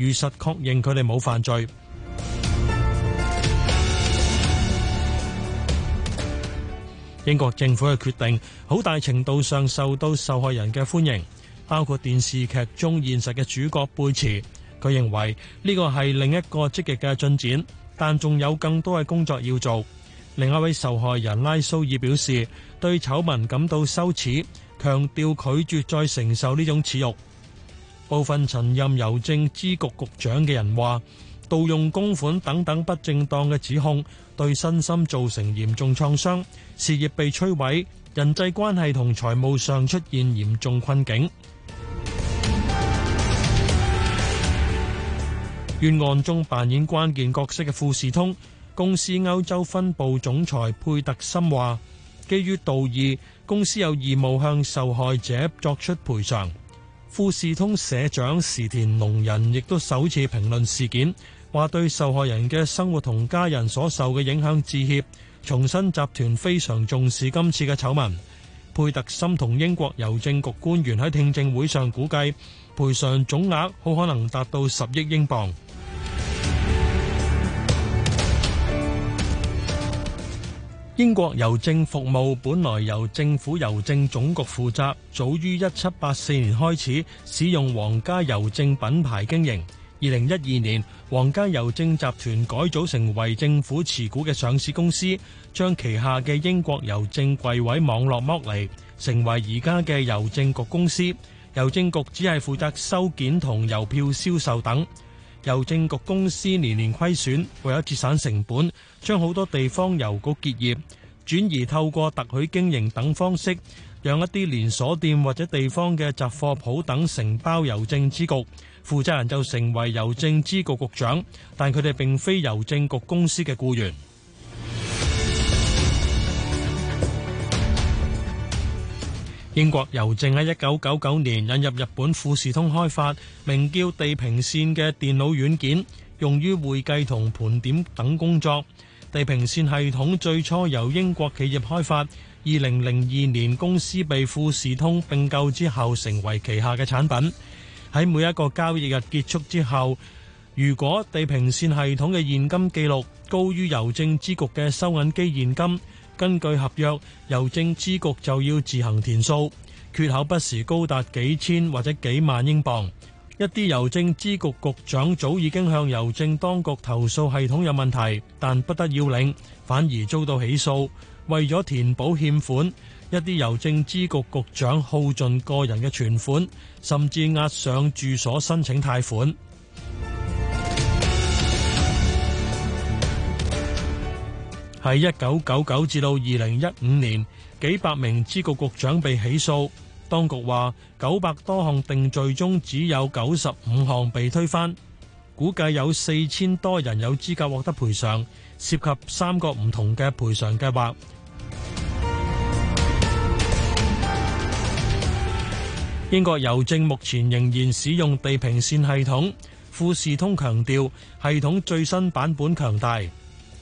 如實確認佢哋冇犯罪。英國政府嘅決定好大程度上受到受害人嘅歡迎，包括電視劇中現實嘅主角貝茨。佢認為呢個係另一個積極嘅進展，但仲有更多嘅工作要做。另一位受害人拉蘇爾表示對醜聞感到羞恥，強調拒絕再承受呢種恥辱。部分曾任郵政支局局長嘅人話，盜用公款等等不正當嘅指控，對身心造成嚴重創傷，事業被摧毀，人際關係同財務上出現嚴重困境。冤案中扮演關鍵角色嘅富士通公司歐洲分部總裁佩特森話，基於道義，公司有義務向受害者作出賠償。富士通社長時田隆人亦都首次評論事件，話對受害人嘅生活同家人所受嘅影響致歉，重申集團非常重視今次嘅醜聞。佩特森同英國郵政局官員喺聽證會上估計賠償總額好可能達到十億英鎊。英國郵政服務本來由政府郵政總局負責，早於一七八四年開始使用皇家郵政品牌經營。二零一二年，皇家郵政集團改組成為政府持股嘅上市公司，將旗下嘅英國郵政櫃位網絡剝離，成為而家嘅郵政局公司。郵政局只係負責收件同郵票銷售等。郵政局公司年年虧損，為咗節省成本，將好多地方郵局結業，轉移透過特許經營等方式，讓一啲連鎖店或者地方嘅雜貨鋪等承包郵政支局，負責人就成為郵政支局局長，但佢哋並非郵政局公司嘅僱員。英國郵政喺一九九九年引入日本富士通開發，名叫地平線嘅電腦軟件，用於會計同盤點等工作。地平線系統最初由英國企業開發，二零零二年公司被富士通併購之後，成為旗下嘅產品。喺每一個交易日結束之後，如果地平線系統嘅現金記錄高於郵政支局嘅收銀機現金。根據合約，郵政支局就要自行填數，缺口不時高達幾千或者幾萬英鎊。一啲郵政支局局長早已經向郵政當局投訴系統有問題，但不得要領，反而遭到起訴。為咗填補欠款，一啲郵政支局局長耗盡個人嘅存款，甚至押上住所申請貸款。喺一九九九至到二零一五年，幾百名支局局長被起訴。當局話，九百多項定罪中，只有九十五項被推翻。估計有四千多人有資格獲得賠償，涉及三個唔同嘅賠償計劃。英國郵政目前仍然使用地平線系統，富士通強調，系統最新版本強大。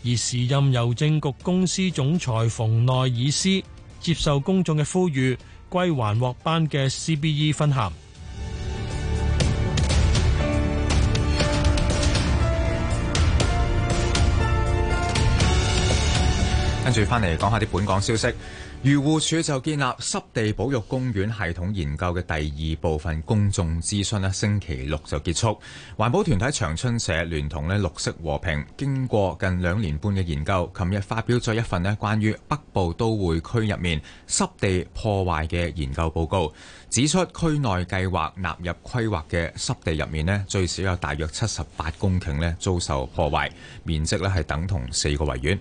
而時任郵政局公司總裁馮奈爾斯接受公眾嘅呼籲，歸還獲頒嘅 CBE 勳銜。跟住翻嚟講下啲本港消息。漁護署就建立濕地保育公園系統研究嘅第二部分公眾諮詢咧，星期六就結束。環保團體長春社聯同咧綠色和平，經過近兩年半嘅研究，琴日發表咗一份咧關於北部都會區入面濕地破壞嘅研究報告。指出區內計劃納入規劃嘅濕地入面咧，最少有大約七十八公頃咧遭受破壞，面積咧係等同四個維園。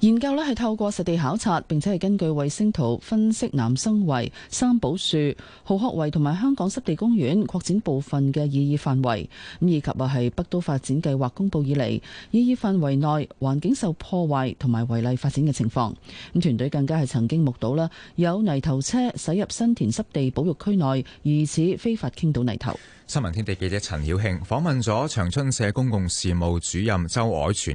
研究咧係透過實地考察，並且係根據衛星圖分析南生圍、三寶樹、蠔殼圍同埋香港濕地公園擴展部分嘅意義範圍，咁以及啊係北都發展計劃公布以嚟意義範圍內環境受破壞同埋違例發展嘅情況，咁團隊更加係曾經目睹啦，有泥頭車駛入新田濕地保育區內疑似非法傾倒泥頭。新聞天地記者陳曉慶訪問咗長春社公共事務主任周凱全，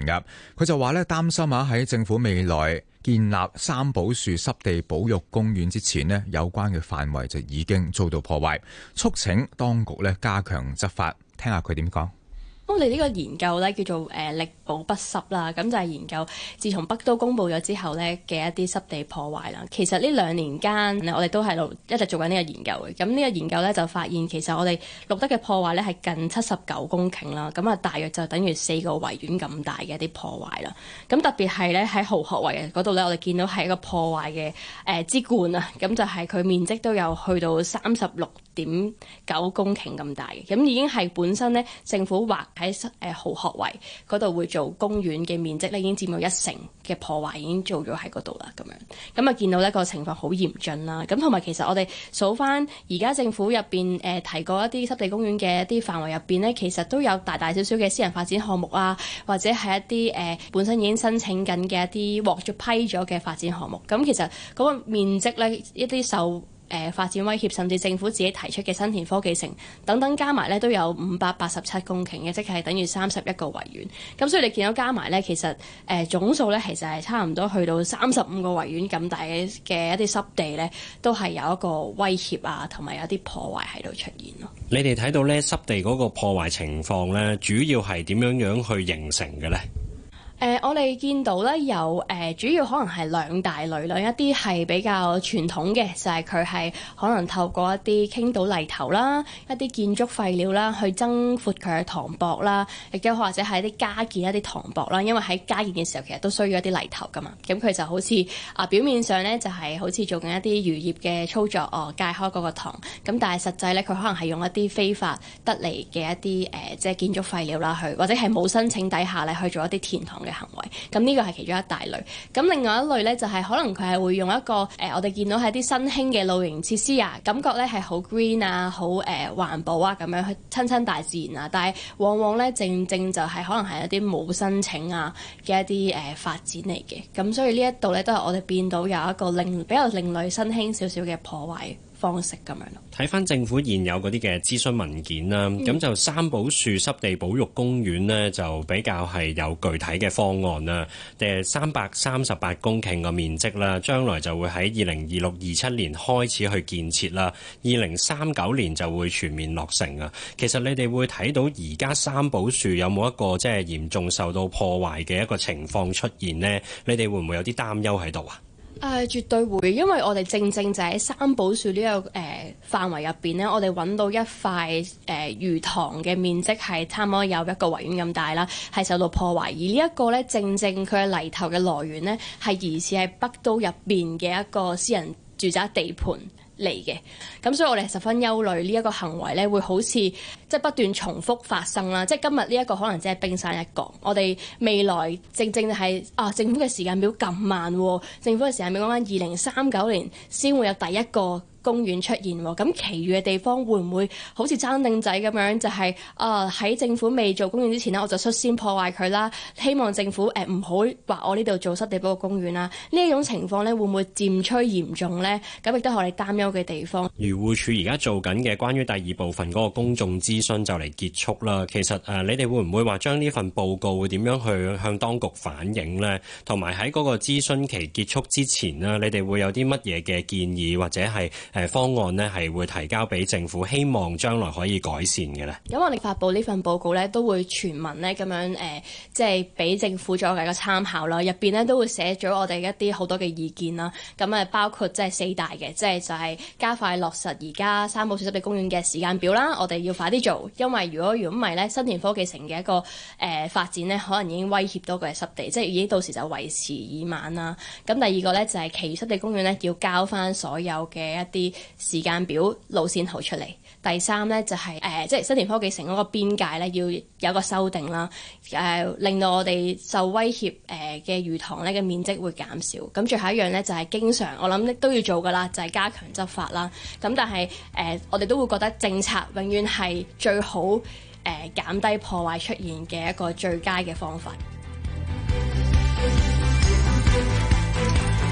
佢就話咧擔心啊，喺政府未來建立三寶樹濕地保育公園之前咧，有關嘅範圍就已經遭到破壞，促請當局咧加強執法。聽下佢點講。咁我哋呢個研究呢，叫做誒、呃、力保不濕啦，咁就係研究自從北都公布咗之後呢嘅一啲濕地破壞啦。其實呢兩年間，我哋都係一路一直做緊呢個研究嘅。咁呢個研究呢，就發現，其實我哋錄得嘅破壞呢，係近七十九公頃啦。咁啊，大約就等於四個維園咁大嘅一啲破壞啦。咁特別係呢喺蠔殼圍嗰度呢，我哋見到係一個破壞嘅誒之冠啊。咁就係佢面積都有去到三十六點九公頃咁大嘅，咁已經係本身咧，政府劃喺誒號學位嗰度會做公園嘅面積咧，已經佔到一成嘅破壞已經做咗喺嗰度啦，咁樣咁啊，見到呢個情況好嚴峻啦。咁同埋其實我哋數翻而家政府入邊誒提過一啲濕地公園嘅一啲範圍入邊呢，其實都有大大小小嘅私人發展項目啊，或者係一啲誒、呃、本身已經申請緊嘅一啲獲咗批咗嘅發展項目。咁其實嗰個面積呢，一啲受。誒、呃、發展威脅，甚至政府自己提出嘅新田科技城等等加埋咧，都有五百八十七公頃嘅，即係等於三十一個維園。咁所以你見到加埋咧，其實誒、呃、總數呢，其實係差唔多去到三十五個維園咁大嘅一啲濕地呢，都係有一個威脅啊，同埋有啲破壞喺度出現咯。你哋睇到呢濕地嗰個破壞情況呢，主要係點樣樣去形成嘅呢？誒、呃，我哋見到咧有誒、呃，主要可能係兩大類，兩一啲係比較傳統嘅，就係佢係可能透過一啲傾倒泥頭啦，一啲建築廢料啦，去增闊佢嘅塘壆啦，亦都或者係一啲加建一啲塘壆啦。因為喺加建嘅時候，其實都需要一啲泥頭㗎嘛。咁佢就好似啊，表面上咧就係、是、好似做緊一啲漁業嘅操作，哦，界開嗰個塘。咁但係實際咧，佢可能係用一啲非法得嚟嘅一啲誒、呃，即係建築廢料啦，去或者係冇申請底下咧去做一啲填塘嘅行為。咁呢個係其中一大類，咁，另外一類呢，就係可能佢係會用一個誒，我哋見到係啲新興嘅露營設施啊，感覺呢係好 green 啊，好誒環保啊，咁樣去親親大自然啊，但係往往呢，正正就係可能係一啲冇申請啊嘅一啲誒發展嚟嘅，咁，所以呢一度呢，都係我哋變到有一個另比較另類新興少少嘅破壞。方式咁樣咯，睇翻政府現有嗰啲嘅諮詢文件啦，咁、嗯、就三寶樹濕地保育公園呢，就比較係有具體嘅方案啊，誒三百三十八公頃嘅面積啦，將來就會喺二零二六二七年開始去建設啦，二零三九年就會全面落成啊。其實你哋會睇到而家三寶樹有冇一個即係、就是、嚴重受到破壞嘅一個情況出現呢？你哋會唔會有啲擔憂喺度啊？誒、呃、絕對會，因為我哋正正就喺三寶樹呢、這個誒、呃、範圍入邊咧，我哋揾到一塊誒、呃、魚塘嘅面積係差唔多有一個圍院咁大啦，係受到破壞。而呢一個咧，正正佢嘅泥頭嘅來源咧，係疑似喺北都入邊嘅一個私人住宅地盤。嚟嘅咁，所以我哋十分憂慮呢一個行為咧，會好似即係不斷重複發生啦。即係今日呢一個可能只係冰山一角，我哋未來正正係啊政府嘅時間表咁慢，政府嘅時間表講緊二零三九年先會有第一個。公園出現喎，咁其餘嘅地方會唔會好似爭定仔咁樣？就係啊喺政府未做公園之前呢，我就率先破壞佢啦。希望政府誒唔好話我呢度做濕地保護公園啦。呢一種情況呢，會唔會漸趨嚴重呢？咁亦都係我哋擔憂嘅地方。漁護署而家做緊嘅關於第二部分嗰個公眾諮詢就嚟結束啦。其實誒、啊，你哋會唔會話將呢份報告會點樣去向當局反映呢？同埋喺嗰個諮詢期結束之前呢，你哋會有啲乜嘢嘅建議或者係？誒方案呢係會提交俾政府，希望將來可以改善嘅咧。因為我哋發布呢份報告呢，都會全文呢咁樣誒，即係俾政府作為一個參考啦。入邊呢都會寫咗我哋一啲好多嘅意見啦。咁誒包括即係四大嘅，即係就係加快落實而家三寶樹濕地公園嘅時間表啦。我哋要快啲做，因為如果如果唔係呢，新田科技城嘅一個誒、呃、發展呢，可能已經威脅到佢嘅濕地，即係已經到時就為時已晚啦。咁第二個呢，就係其餘濕地公園呢，要交返所有嘅一啲。啲時間表路線圖出嚟。第三呢，就係、是、誒、呃，即係新田科技城嗰個邊界呢，要有個修訂啦。誒、呃，令到我哋受威脅誒嘅、呃、魚塘呢嘅面積會減少。咁最後一樣呢，就係、是、經常我諗都要做噶啦，就係、是、加強執法啦。咁但係誒、呃，我哋都會覺得政策永遠係最好誒、呃、減低破壞出現嘅一個最佳嘅方法。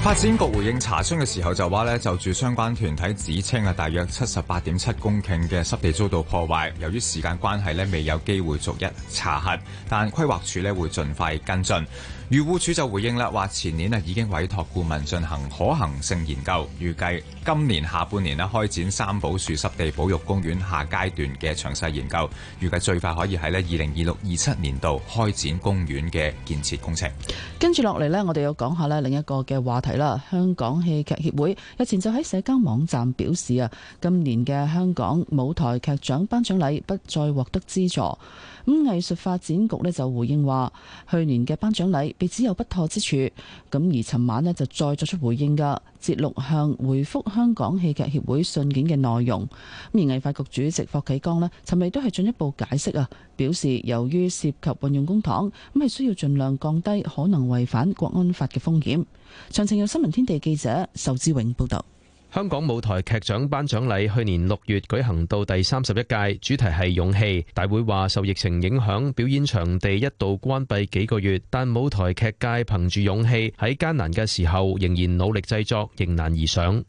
發展局回應查詢嘅時候就話咧，就住相關團體指稱嘅大約七十八點七公頃嘅濕地遭到破壞，由於時間關係咧，未有機會逐一查核，但規劃署咧會盡快跟進。漁護署就回應啦，話前年啊已經委託顧問進行可行性研究，預計今年下半年咧開展三寶樹濕地保育公園下階段嘅詳細研究，預計最快可以喺咧二零二六二七年度開展公園嘅建設工程。跟住落嚟咧，我哋又講下咧另一個嘅話題啦。香港戲劇協會日前就喺社交網站表示啊，今年嘅香港舞台劇獎頒獎禮不再獲得資助。咁藝術發展局咧就回應話，去年嘅頒獎禮被指有不妥之處，咁而尋晚咧就再作出回應噶，節錄向回覆香港戲劇協會信件嘅內容。咁而藝發局主席霍啟剛咧尋日都係進一步解釋啊，表示由於涉及運用公帑咁係需要盡量降低可能違反國安法嘅風險。詳情由新聞天地記者仇志永報道。香港舞台劇獎頒獎禮去年六月舉行到第三十一屆，主題係勇氣。大會話受疫情影響，表演場地一度關閉幾個月，但舞台劇界憑住勇氣喺艱難嘅時候仍然努力製作，迎難而上。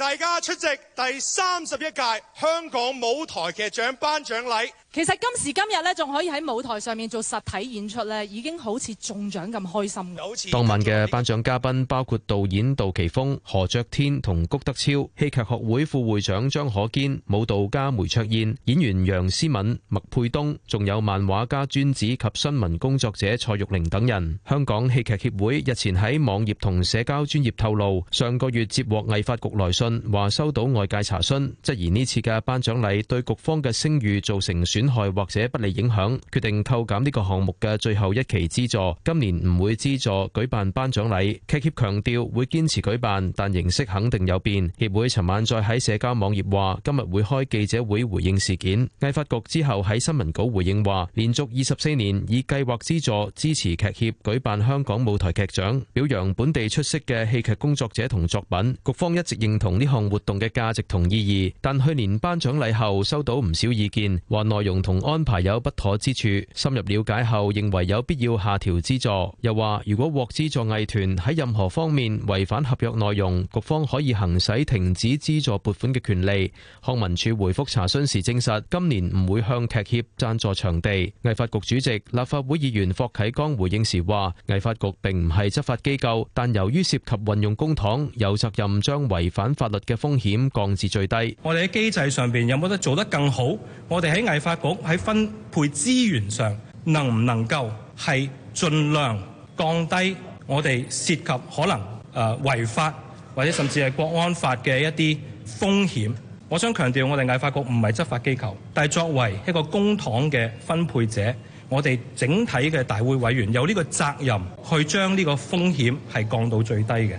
大家出席第三十一屆香港舞台劇獎頒獎禮。其實今時今日咧，仲可以喺舞台上面做實體演出咧，已經好似中獎咁開心。當晚嘅頒獎嘉賓包括導演杜琪峰、何爵天同谷德超，戲劇學會副會長張可堅、舞蹈家梅卓燕、演員楊思敏、麥沛東，仲有漫畫家專子及新聞工作者蔡玉玲等人。香港戲劇協會日前喺網頁同社交專頁透露，上個月接獲藝發局來信。話收到外界查詢，質疑呢次嘅頒獎禮對局方嘅聲譽造成損害或者不利影響，決定扣減呢個項目嘅最後一期資助，今年唔會資助舉辦頒獎禮。劇協強調會堅持舉辦，但形式肯定有變。協會尋晚再喺社交網頁話，今日會開記者會回應事件。藝發局之後喺新聞稿回應話，連續二十四年以計劃資助支持劇協舉辦香港舞台劇獎，表揚本地出色嘅戲劇工作者同作品。局方一直認同，呢項活動嘅價值同意義，但去年頒獎禮後收到唔少意見，話內容同安排有不妥之處。深入了解後，認為有必要下調資助。又話如果獲資助藝團喺任何方面違反合約內容，局方可以行使停止資助撥款嘅權利。康文署回復查詢時證實，今年唔會向劇協贊助場地。藝發局主席、立法會議員霍啟剛回應時話，藝發局並唔係執法機構，但由於涉及運用公帑，有責任將違反法。律嘅風險降至最低。我哋喺機制上邊，有冇得做得更好？我哋喺藝發局喺分配資源上，能唔能夠係盡量降低我哋涉及可能誒違法或者甚至係國安法嘅一啲風險。我想強調我哋藝發局唔係執法機構，但係作為一個公帑嘅分配者，我哋整體嘅大會委員有呢個責任去將呢個風險係降到最低嘅。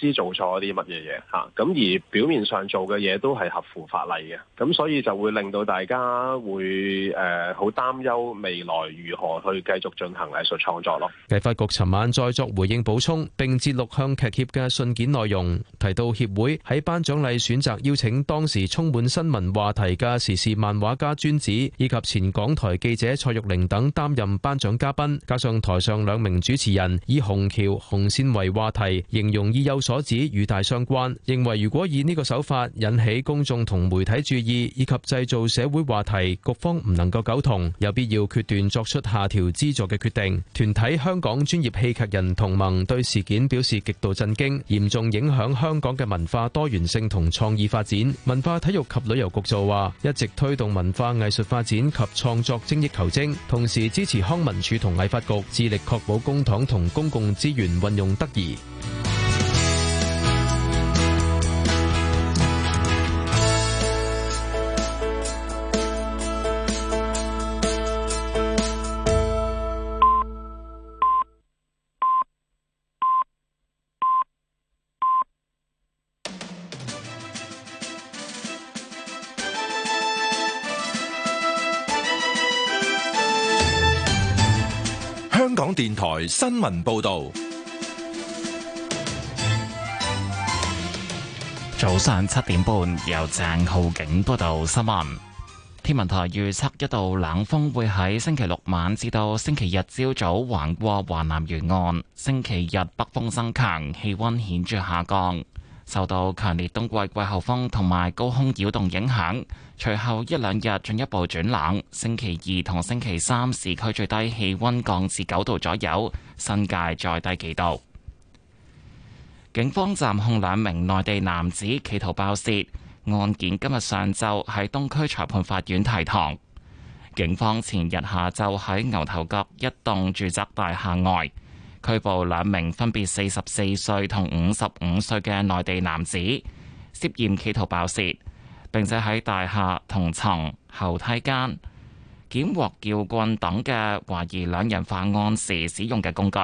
知做錯啲乜嘢嘢嚇，咁而表面上做嘅嘢都係合乎法例嘅，咁所以就會令到大家會誒好擔憂未來如何去繼續進行藝術創作咯。藝發局尋晚再作回應補充，並節錄向劇協嘅信件內容，提到協會喺頒獎禮選擇邀請當時充滿新聞話題嘅時事漫畫家尊子以及前港台記者蔡玉玲等擔任頒獎嘉賓，加上台上兩名主持人以紅橋紅線為話題，形容以優秀，所指與大相關，認為如果以呢個手法引起公眾同媒體注意，以及製造社會話題，局方唔能夠苟同，有必要決斷作出下調資助嘅決定。團體香港專業戲劇人同盟對事件表示極度震驚，嚴重影響香港嘅文化多元性同創意發展。文化體育及旅遊局就話，一直推動文化藝術發展及創作精益求精，同時支持康文署同藝發局致力確保公帑同公共資源運用得宜。電台新聞報道，早上七點半由鄭浩景報道新聞。天文台預測一道冷鋒會喺星期六晚至到星期日朝早橫過華南沿岸，星期日北風增強，氣溫顯著下降，受到強烈冬季季候風同埋高空擾動影響。隨後一兩日進一步轉冷，星期二同星期三市區最低氣温降至九度左右，新界再低幾度。警方暫控兩名內地男子企圖爆竊。案件今日上晝喺東區裁判法院提堂。警方前日下晝喺牛頭角一棟住宅大廈外拘捕兩名分別四十四歲同五十五歲嘅內地男子，涉嫌企圖爆竊。並且喺大廈同層後梯間檢獲撬棍等嘅懷疑兩人犯案時使用嘅工具。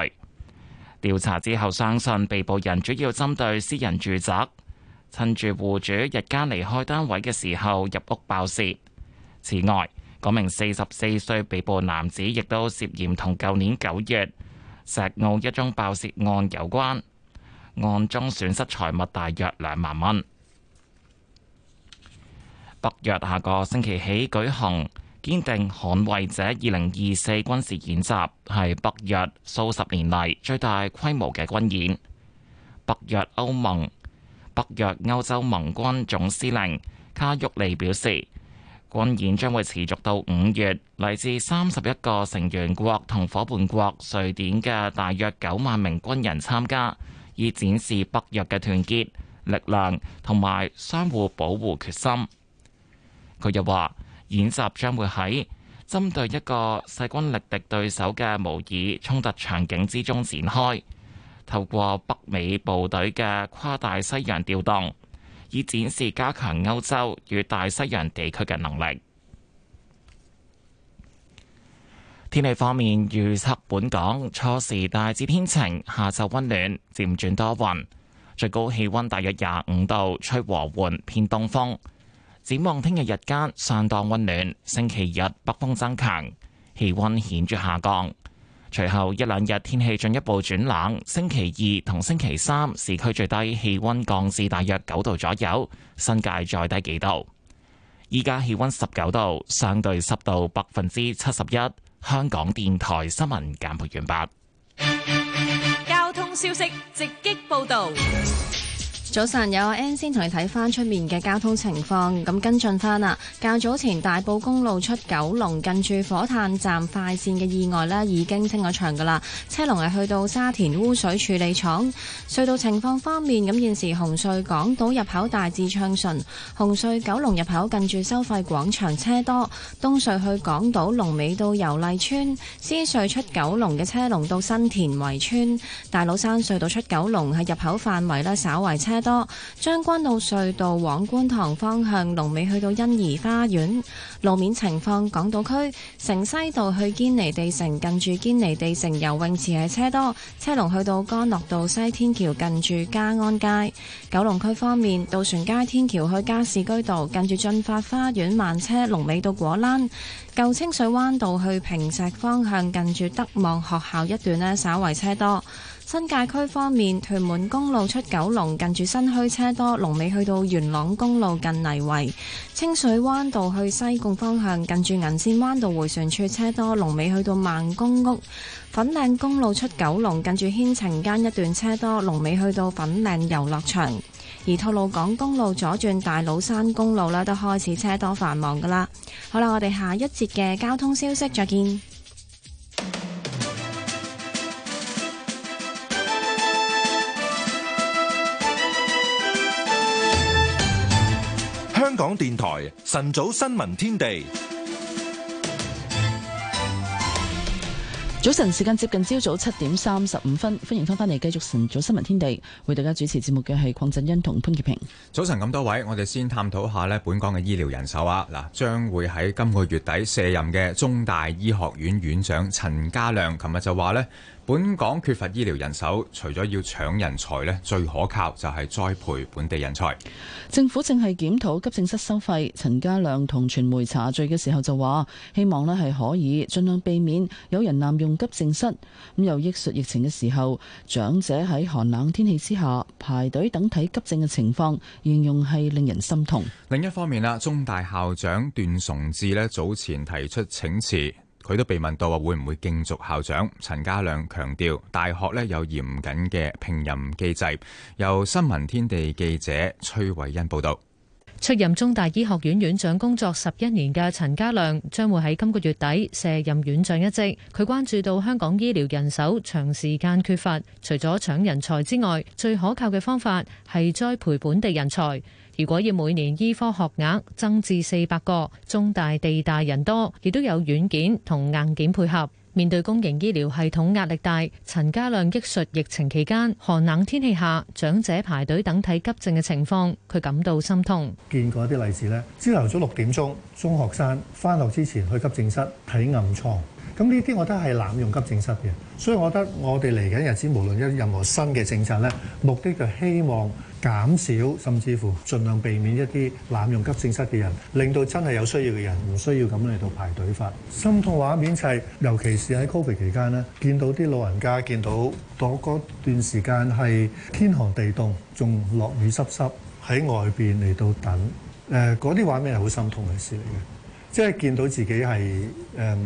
調查之後相信，被捕人主要針對私人住宅，趁住戶主日間離開單位嘅時候入屋爆竊。此外，嗰名四十四歲被捕男子亦都涉嫌同舊年九月石澳一宗爆竊案有關，案中損失財物大約兩萬蚊。北約下個星期起舉行堅定捍衛者二零二四軍事演習，係北約數十年嚟最大規模嘅軍演。北約歐盟、北約歐洲盟軍總司令卡沃利表示，軍演將會持續到五月，嚟自三十一個成員國同伙伴國瑞典嘅大約九萬名軍人參加，以展示北約嘅團結力量同埋相互保護決心。佢又話演習將會喺針對一個勢均力敵對手嘅模擬衝突場景之中展開，透過北美部隊嘅跨大西洋調動，以展示加強歐洲與大西洋地區嘅能力。天氣方面預測，本港初時大致天晴，下晝温暖，漸轉多雲，最高氣温大約廿五度，吹和緩，偏東風。展望聽日日間相當溫暖，星期日北風增強，氣溫顯著下降。隨後一兩日天氣進一步轉冷，星期二同星期三市區最低氣温降至大約九度左右，新界再低幾度。依家氣温十九度，相對濕度百分之七十一。香港電台新聞簡報完畢。交通消息直擊報道。早晨，有阿 N 先同你睇翻出面嘅交通情況，咁跟進翻啦。較早前大埔公路出九龍近住火炭站快線嘅意外咧，已經清咗場噶啦，車龍係去到沙田污水處理廠，隧道情況方面，咁現時紅隧港島入口大致暢順，紅隧九龍入口近住收費廣場車多，東隧去港島龍尾到油麗邨，獅隧出九龍嘅車龍到新田圍邨，大老山隧道出九龍係入口範圍咧，稍為車。多將軍澳隧道往觀塘方向，龍尾去到欣怡花園。路面情況，港島區城西道去堅尼地城，近住堅尼地城游泳池係車多，車龍去到干諾道西天橋，近住嘉安街。九龍區方面，渡船街天橋去加士居道，近住駿發花園慢車，龍尾到果欄。舊清水灣道去坪石方向，近住德望學校一段咧，稍為車多。新界區方面，屯門公路出九龍近住新墟，車多，龍尾去到元朗公路近泥圍；清水灣道去西貢方向近住銀線灣道回旋處車多，龍尾去到孟公屋；粉嶺公路出九龍近住軒晴間一段車多，龍尾去到粉嶺遊樂場；而吐露港公路左轉大老山公路咧都開始車多繁忙噶啦。好啦，我哋下一節嘅交通消息再見。香港電台晨早新聞天地，早晨時間接近朝早七點三十五分，歡迎翻翻嚟繼續晨早新聞天地，為大家主持節目嘅係鄺振英同潘潔平。早晨咁多位，我哋先探討下呢本港嘅醫療人手啊，嗱，將會喺今個月底卸任嘅中大醫學院院長陳家亮，琴日就話呢。本港缺乏醫療人手，除咗要搶人才呢，最可靠就係栽培本地人才。政府正係檢討急症室收費，陳家亮同傳媒茶敘嘅時候就話希望呢，係可以盡量避免有人濫用急症室。咁又憶述疫情嘅時候，長者喺寒冷天氣之下排隊等睇急症嘅情況，形容係令人心痛。另一方面啦，中大校長段崇智呢早前提出請辭。佢都被問到話會唔會競逐校長，陳家亮強調大學呢有嚴謹嘅聘任機制。由新聞天地記者崔偉恩報道，出任中大醫學院院長工作十一年嘅陳家亮將會喺今個月底卸任院長一職。佢關注到香港醫療人手長時間缺乏，除咗搶人才之外，最可靠嘅方法係栽培本地人才。如果要每年醫科學額增至四百個，中大地大人多，亦都有軟件同硬件配合。面對公營醫療系統壓力大，陳家亮憶述疫情期間寒冷天氣下長者排隊等睇急症嘅情況，佢感到心痛。見過一啲例子呢朝頭早六點鐘，中學生返學之前去急症室睇暗瘡，咁呢啲我覺得係濫用急症室嘅。所以，我覺得我哋嚟緊日子無論一任何新嘅政策咧，目的就希望減少，甚至乎盡量避免一啲濫用急症室嘅人，令到真係有需要嘅人唔需要咁嚟到排隊法。法心痛畫面就係，尤其是喺 COVID 期間咧，見到啲老人家見到嗰段時間係天寒地凍，仲落雨濕濕喺外邊嚟到等。誒、呃，嗰啲畫面係好心痛嘅事嚟嘅，即係見到自己係誒、呃，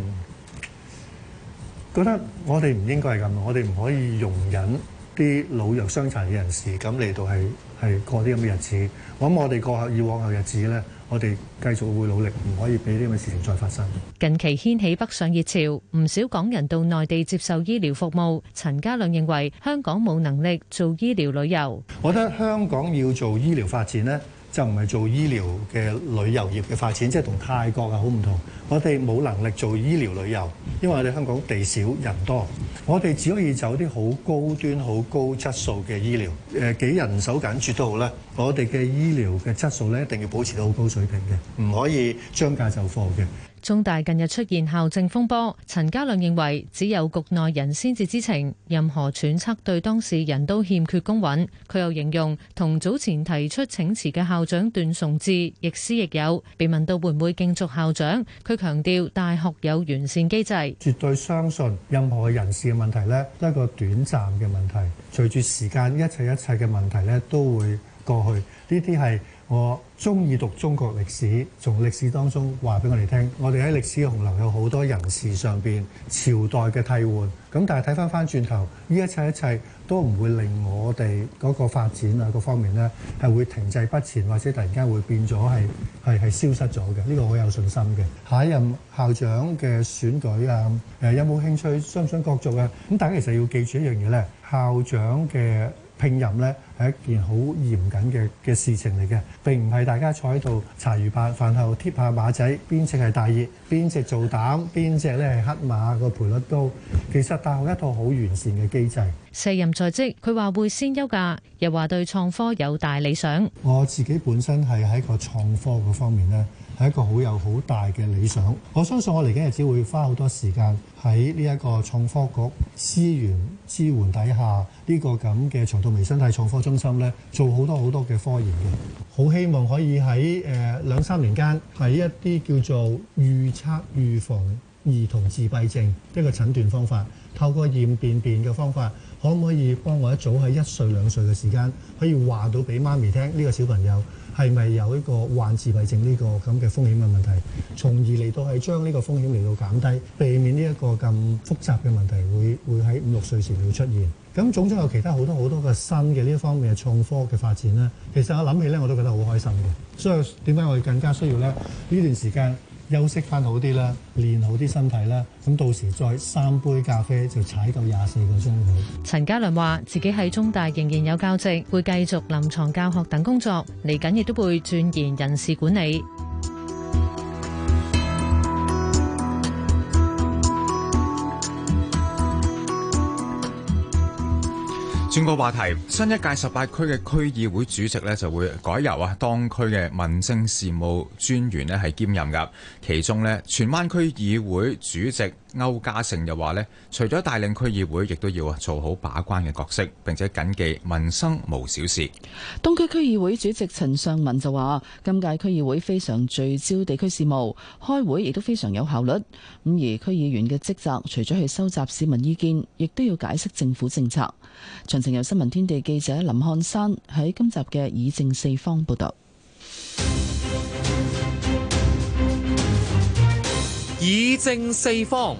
覺得我哋唔應該係咁，我哋唔可以容忍。啲老弱傷殘嘅人士咁嚟到係係過啲咁嘅日子，咁我哋過後以往後日子咧，我哋繼續會努力，唔可以俾呢咁嘅事情再發生。近期掀起北上熱潮，唔少港人到內地接受醫療服務。陳家亮認為香港冇能力做醫療旅遊。我覺得香港要做醫療發展咧。就唔係做醫療嘅旅遊業嘅發展，即係同泰國啊，好唔同。我哋冇能力做醫療旅遊，因為我哋香港地少人多，我哋只可以走啲好高端、好高質素嘅醫療。誒，幾人手緊絀都好啦。我哋嘅醫療嘅質素咧，一定要保持到好高水平嘅，唔可以將價就貨嘅。中大近日出現校政風波，陳家亮認為只有局內人先至知情，任何揣測對當事人都欠缺公允。佢又形容同早前提出請辭嘅校長段崇智亦師亦友，被問到會唔會競逐校長，佢強調大學有完善機制，絕對相信任何人事嘅問題咧都係一個短暫嘅問題，隨住時間一切一切嘅問題咧都會過去，呢啲係。我中意讀中國歷史，從歷史當中話俾我哋聽。我哋喺歷史洪流有好多人事上邊朝代嘅替換，咁但係睇翻翻轉頭，呢一切一切都唔會令我哋嗰個發展啊各方面咧係會停滯不前，或者突然間會變咗係係係消失咗嘅。呢個我有信心嘅。下一任校長嘅選舉啊，誒有冇興趣？想唔想角逐啊？咁大家其實要記住一樣嘢咧，校長嘅聘任呢係一件好嚴謹嘅嘅事情嚟嘅，並唔係大家坐喺度茶餘飯飯後貼下馬仔，邊隻係大熱，邊隻做膽，邊隻呢係黑馬個賠率都好，其實大學一套好完善嘅機制。卸任在職，佢話會先休假，又話對創科有大理想。我自己本身係喺個創科嗰方面呢。係一個好有好大嘅理想，我相信我嚟緊日只會花好多時間喺呢一個創科局資源支援底下呢個咁嘅腸道微生態創科中心呢，做好多好多嘅科研嘅，好希望可以喺誒兩三年間，喺一啲叫做預測預防兒童自閉症一個診斷方法，透過驗便便嘅方法，可唔可以幫我一早喺一歲兩歲嘅時間，可以話到俾媽咪聽呢個小朋友，係咪有呢個患自閉症呢個咁嘅風險嘅問題，從而嚟到係將呢個風險嚟到減低，避免呢一個咁複雜嘅問題會會喺五六歲時會出現。咁總之有其他好多好多嘅新嘅呢方面嘅創科嘅發展咧，其實我諗起咧我都覺得好開心嘅。所以點解我哋更加需要咧呢段時間？休息翻好啲啦，練好啲身體啦，咁到時再三杯咖啡就踩夠廿四個鐘佢。陳家亮話：自己喺中大仍然有教職，會繼續臨床教學等工作，嚟緊亦都會鑽研人事管理。轉個話題，新一屆十八區嘅區議會主席咧，就會改由啊當區嘅民政事務專員咧，係兼任噶，其中咧荃灣區議會主席。歐家成又話咧，除咗帶領區議會，亦都要做好把關嘅角色，並且謹記民生無小事。東區區議會主席陳尚文就話：今屆區議會非常聚焦地區事務，開會亦都非常有效率。咁而區議員嘅職責，除咗去收集市民意見，亦都要解釋政府政策。詳情由新聞天地記者林漢山喺今集嘅《以政四方》報道。以正四方。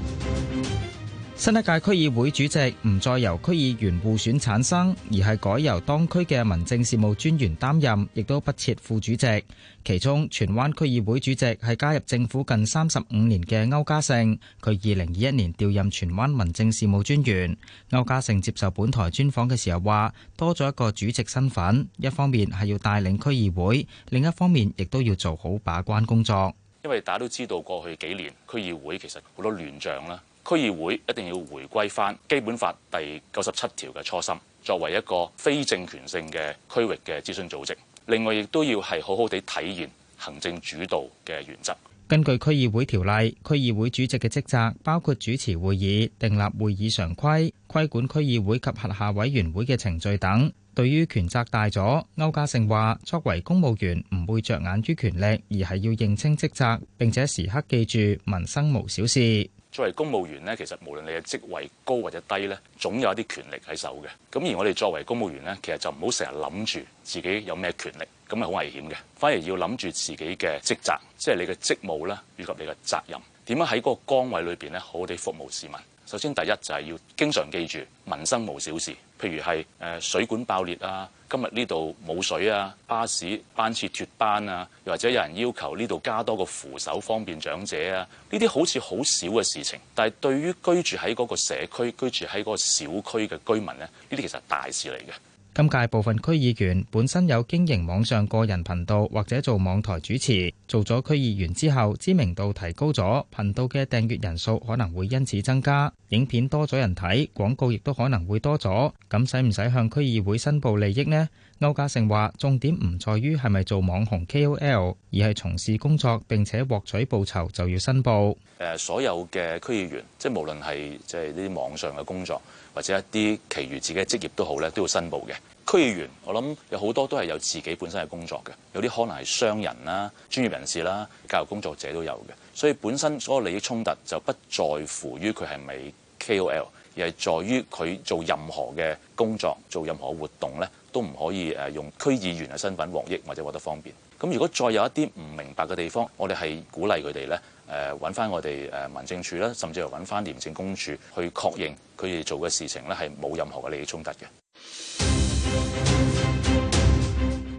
新一屆區議會主席唔再由區議員互選產生，而係改由當區嘅民政事務專員擔任，亦都不設副主席。其中，荃灣區議會主席係加入政府近三十五年嘅歐家盛。佢二零二一年調任荃灣民政事務專員。歐家盛接受本台專訪嘅時候話，多咗一個主席身份，一方面係要帶領區議會，另一方面亦都要做好把關工作。因為大家都知道過去幾年區議會其實好多亂象啦，區議會一定要回歸翻《基本法》第九十七條嘅初心，作為一個非政權性嘅區域嘅諮詢組織。另外，亦都要係好好地體現行政主導嘅原則。根據《區議會條例》，區議會主席嘅職責包括主持會議、訂立會議常規、規管區議會及轄下委員會嘅程序等。對於權責大咗，歐家盛話：作為公務員，唔會着眼於權力，而係要認清職責，並且時刻記住民生無小事。作為公務員咧，其實無論你嘅職位高或者低咧，總有一啲權力喺手嘅。咁而我哋作為公務員咧，其實就唔好成日諗住自己有咩權力，咁係好危險嘅。反而要諗住自己嘅職責，即係你嘅職務啦，以及你嘅責任，點樣喺嗰個崗位裏邊咧，好好地服務市民。首先，第一就係要經常記住民生無小事，譬如係誒水管爆裂啊，今日呢度冇水啊，巴士班次脱班啊，又或者有人要求呢度加多個扶手方便長者啊，呢啲好似好小嘅事情，但係對於居住喺嗰個社區、居住喺嗰個小區嘅居民咧，呢啲其實係大事嚟嘅。今屆部分區議員本身有經營網上個人頻道或者做網台主持，做咗區議員之後，知名度提高咗，頻道嘅訂閱人數可能會因此增加，影片多咗人睇，廣告亦都可能會多咗，咁使唔使向區議會申報利益呢？歐家成話重點唔在於係咪做網紅 KOL，而係從事工作並且獲取報酬就要申報。誒，所有嘅區議員，即係無論係即係呢啲網上嘅工作，或者一啲其餘自己嘅職業都好咧，都要申報嘅。區議員我諗有好多都係有自己本身嘅工作嘅，有啲可能係商人啦、專業人士啦、教育工作者都有嘅，所以本身嗰個利益衝突就不在乎於佢係咪 KOL，而係在於佢做任何嘅工作、做任何活動咧，都唔可以誒用區議員嘅身份獲益或者獲得方便。咁如果再有一啲唔明白嘅地方，我哋係鼓勵佢哋咧誒揾翻我哋誒民政處啦，甚至係揾翻廉政公署去確認佢哋做嘅事情咧係冇任何嘅利益衝突嘅。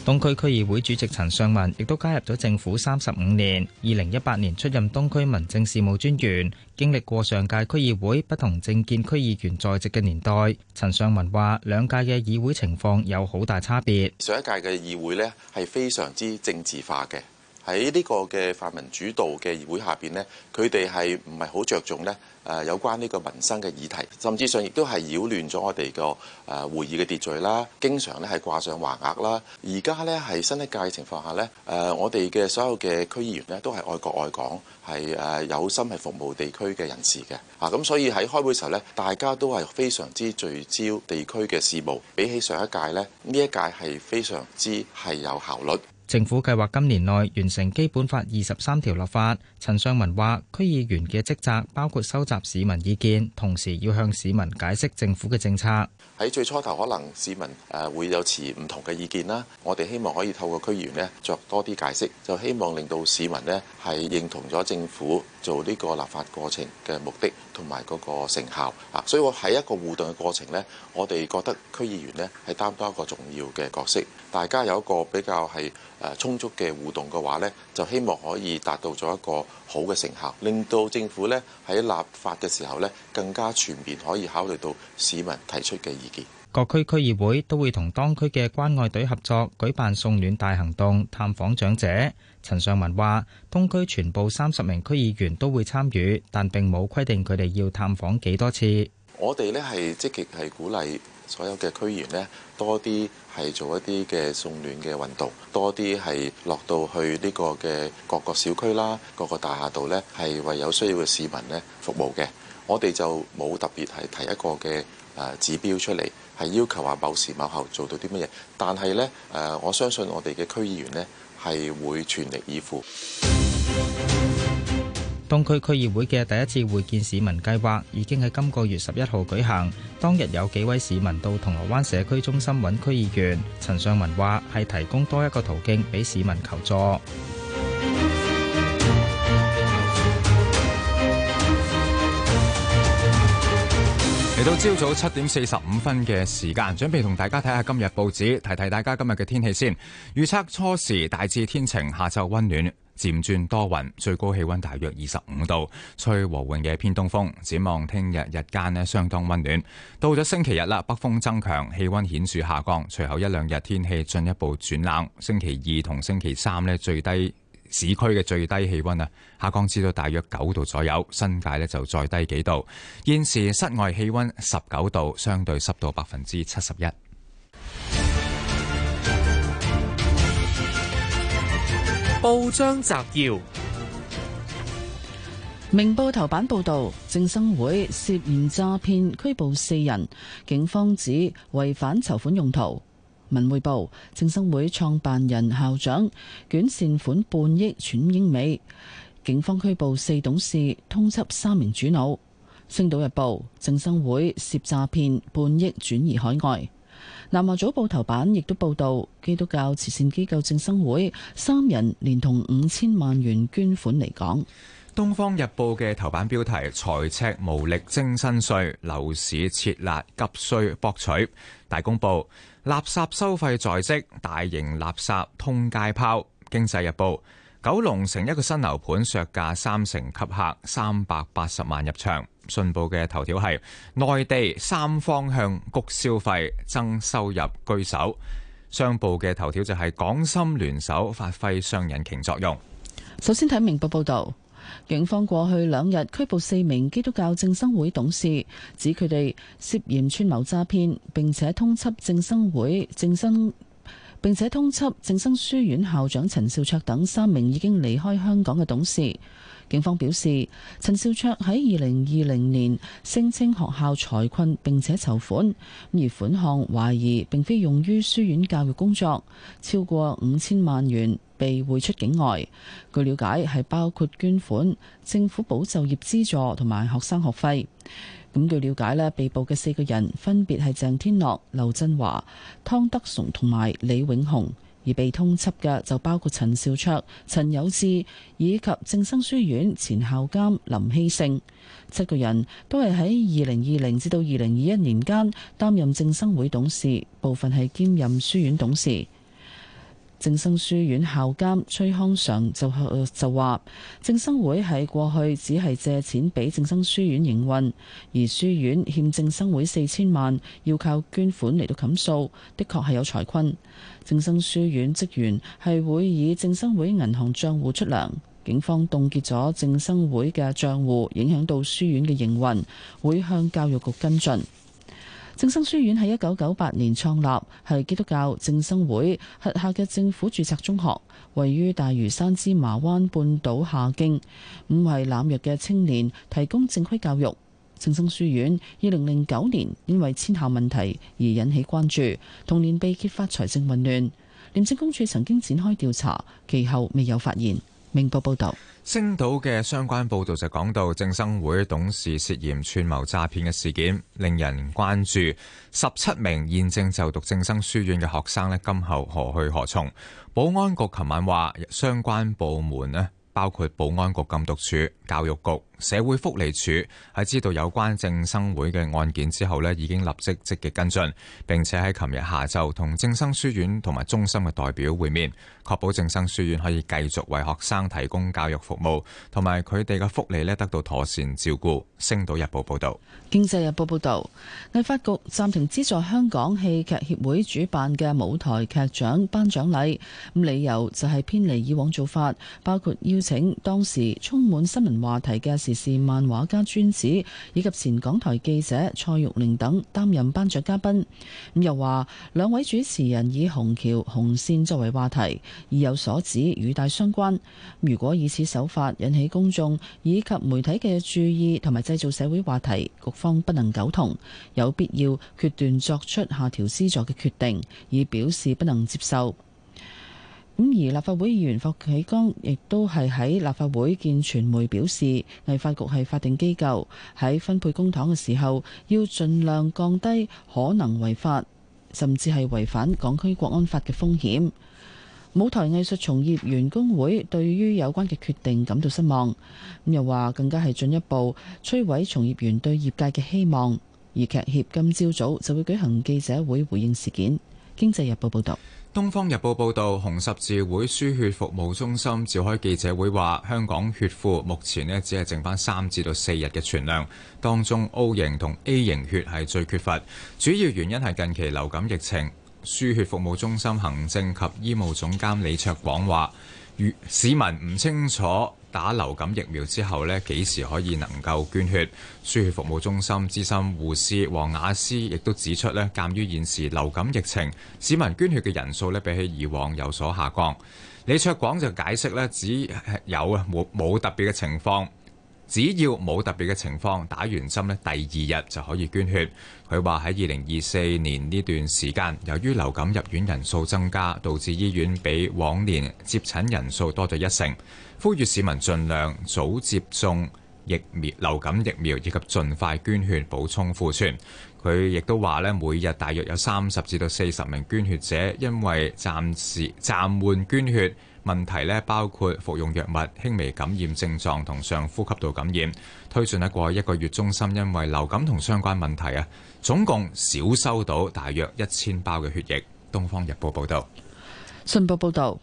東區區議會主席陳尚文亦都加入咗政府三十五年，二零一八年出任東區民政事務專員，經歷過上屆區議會不同政見區議員在席嘅年代。陳尚文話：兩屆嘅議會情況有好大差別，上一屆嘅議會呢，係非常之政治化嘅。喺呢個嘅泛民主導嘅議會下邊呢，佢哋係唔係好着重呢誒、呃、有關呢個民生嘅議題，甚至上亦都係擾亂咗我哋個誒會議嘅秩序啦。經常呢係掛上橫額啦。而家呢係新一屆情況下呢誒、呃、我哋嘅所有嘅區議員呢都係愛國愛港，係誒有心係服務地區嘅人士嘅。啊，咁所以喺開會時候呢，大家都係非常之聚焦地區嘅事務。比起上一屆呢，呢一屆係非常之係有效率。政府計劃今年內完成《基本法》二十三條立法。陳尚文話：區議員嘅職責包括收集市民意見，同時要向市民解釋政府嘅政策。喺最初頭可能市民誒會有持唔同嘅意見啦，我哋希望可以透過區議員呢作多啲解釋，就希望令到市民呢係認同咗政府做呢個立法過程嘅目的同埋嗰個成效啊。所以我喺一個互動嘅過程呢，我哋覺得區議員呢係擔當一個重要嘅角色。大家有一個比較係誒充足嘅互動嘅話呢，就希望可以達到咗一個。好嘅成效，令到政府咧喺立法嘅時候咧，更加全面可以考慮到市民提出嘅意見。各區區議會都會同當區嘅關愛隊合作，舉辦送暖大行動，探訪長者。陳尚文話，東區全部三十名區議員都會參與，但並冇規定佢哋要探訪幾多次。我哋咧，係積極，係鼓勵。所有嘅區議員呢，多啲係做一啲嘅送暖嘅運動，多啲係落到去呢個嘅各個小區啦、各個大廈度呢，係為有需要嘅市民呢服務嘅。我哋就冇特別係提一個嘅指標出嚟，係要求話某時某後做到啲乜嘢。但係呢，誒，我相信我哋嘅區議員呢，係會全力以赴。 東區區議會嘅第一次會見市民計劃已經喺今個月十一號舉行，當日有幾位市民到銅鑼灣社區中心揾區議員。陳尚文話係提供多一個途徑俾市民求助。嚟到朝早七點四十五分嘅時間，準備同大家睇下今日報紙，提提大家今日嘅天氣先。預測初時大致天晴，下晝溫暖。漸轉多雲，最高氣溫大約二十五度，吹和緩嘅偏東風。展望聽日日間咧，相當溫暖，到咗星期日啦，北風增強，氣溫顯著下降。隨後一兩日天氣進一步轉冷。星期二同星期三咧，最低市區嘅最低氣溫啊，下降至到大約九度左右，新界咧，就再低幾度。現時室外氣溫十九度，相對濕度百分之七十一。報章摘要：明報頭版報道，正生會涉嫌詐騙，拘捕四人，警方指違反籌款用途。文匯報：正生會創辦人校長捲善款半億轉英美，警方拘捕四董事，通緝三名主腦。星島日報：正生會涉詐騙半億轉移海外。南華早報頭版亦都報道基督教慈善機構正生會三人連同五千萬元捐款嚟港。東方日報嘅頭版標題：財赤無力徵新稅，樓市撤辣急需博取。大公報：垃圾收費在即，大型垃圾通街拋。經濟日報：九龍城一個新樓盤削價三成吸客，三百八十萬入場。信報嘅頭條係內地三方向谷消費增收入居首。商報嘅頭條就係、是、港深聯手發揮雙引擎作用。首先睇明報報道，警方過去兩日拘捕四名基督教正生會董事，指佢哋涉嫌串謀詐騙，並且通緝正生會正生，並且通緝正生書院校長陳兆卓等三名已經離開香港嘅董事。警方表示，陳少卓喺二零二零年聲稱學校財困，並且籌款，而款項懷疑並非用於書院教育工作，超過五千萬元被匯出境外。據了解，係包括捐款、政府補就業資助同埋學生學費。咁據了解咧，被捕嘅四個人分別係鄭天樂、劉振華、湯德崇同埋李永雄。而被通緝嘅就包括陳少卓、陳有志以及正生書院前校監林希勝七個人都，都係喺二零二零至到二零二一年間擔任正生會董事，部分係兼任書院董事。正生書院校監崔康常就就話：正生會喺過去只係借錢俾正生書院營運，而書院欠正生會四千萬，要靠捐款嚟到冚數，的確係有財困。正生書院職員係會以正生會銀行賬戶出糧，警方凍結咗正生會嘅賬戶，影響到書院嘅營運，會向教育局跟進。正生書院喺一九九八年創立，係基督教正生會轄下嘅政府註冊中學，位於大嶼山芝麻灣半島下徑，五為濫藥嘅青年提供正規教育。正生書院二零零九年因為遷校問題而引起關注，同年被揭發財政混亂，廉政公署曾經展開調查，其後未有發現。明報報道，星島嘅相關報道就講到，正生會董事涉嫌串謀詐騙嘅事件令人關注。十七名現正就讀正生書院嘅學生呢，今後何去何從？保安局琴晚話，相關部門呢，包括保安局禁毒處、教育局。社會福利署喺知道有關正生會嘅案件之後咧，已經立即積極跟進，並且喺琴日下晝同正生書院同埋中心嘅代表會面，確保正生書院可以繼續為學生提供教育服務，同埋佢哋嘅福利咧得到妥善照顧。星島日報報道。《經濟日報》報道，藝發局暫停資助香港戲劇協會主辦嘅舞台劇獎頒獎禮，咁理由就係偏離以往做法，包括邀請當時充滿新聞話題嘅是漫畫家專子以及前港台記者蔡玉玲等擔任頒獎嘉賓。咁又話兩位主持人以紅橋紅線作為話題，意有所指，語帶相關。如果以此手法引起公眾以及媒體嘅注意，同埋製造社會話題，局方不能苟同，有必要決斷作出下調資助嘅決定，以表示不能接受。咁而立法會議員霍啟剛亦都係喺立法會見傳媒表示，藝發局係法定機構，喺分配公帑嘅時候要盡量降低可能違法，甚至係違反港區國安法嘅風險。舞台藝術從業員工會對於有關嘅決定感到失望，咁又話更加係進一步摧毀從業員對業界嘅希望。而劇協今朝早就會舉行記者會回應事件。經濟日報報道。《東方日報》報導，紅十字會輸血服務中心召開記者會，話香港血庫目前咧只係剩返三至到四日嘅存量，當中 O 型同 A 型血係最缺乏，主要原因係近期流感疫情。輸血服務中心行政及醫務總監李卓廣話：如市民唔清楚，打流感疫苗之後呢，幾時可以能夠捐血？輸血服務中心資深護士黃雅詩亦都指出呢，鑑於現時流感疫情，市民捐血嘅人數呢比起以往有所下降。李卓廣就解釋呢，只有啊冇冇特別嘅情況，只要冇特別嘅情況，打完針呢第二日就可以捐血。佢話喺二零二四年呢段時間，由於流感入院人數增加，導致醫院比往年接診人數多咗一成。呼籲市民儘量早接種疫苗、流感疫苗，以及盡快捐血補充庫存。佢亦都話咧，每日大約有三十至到四十名捐血者因為暫時暫緩捐血問題咧，包括服用藥物、輕微感染症狀同上呼吸道感染。推算咧，過去一個月中心因為流感同相關問題啊，總共少收到大約一千包嘅血液。《東方日報》報道，《信報》報道。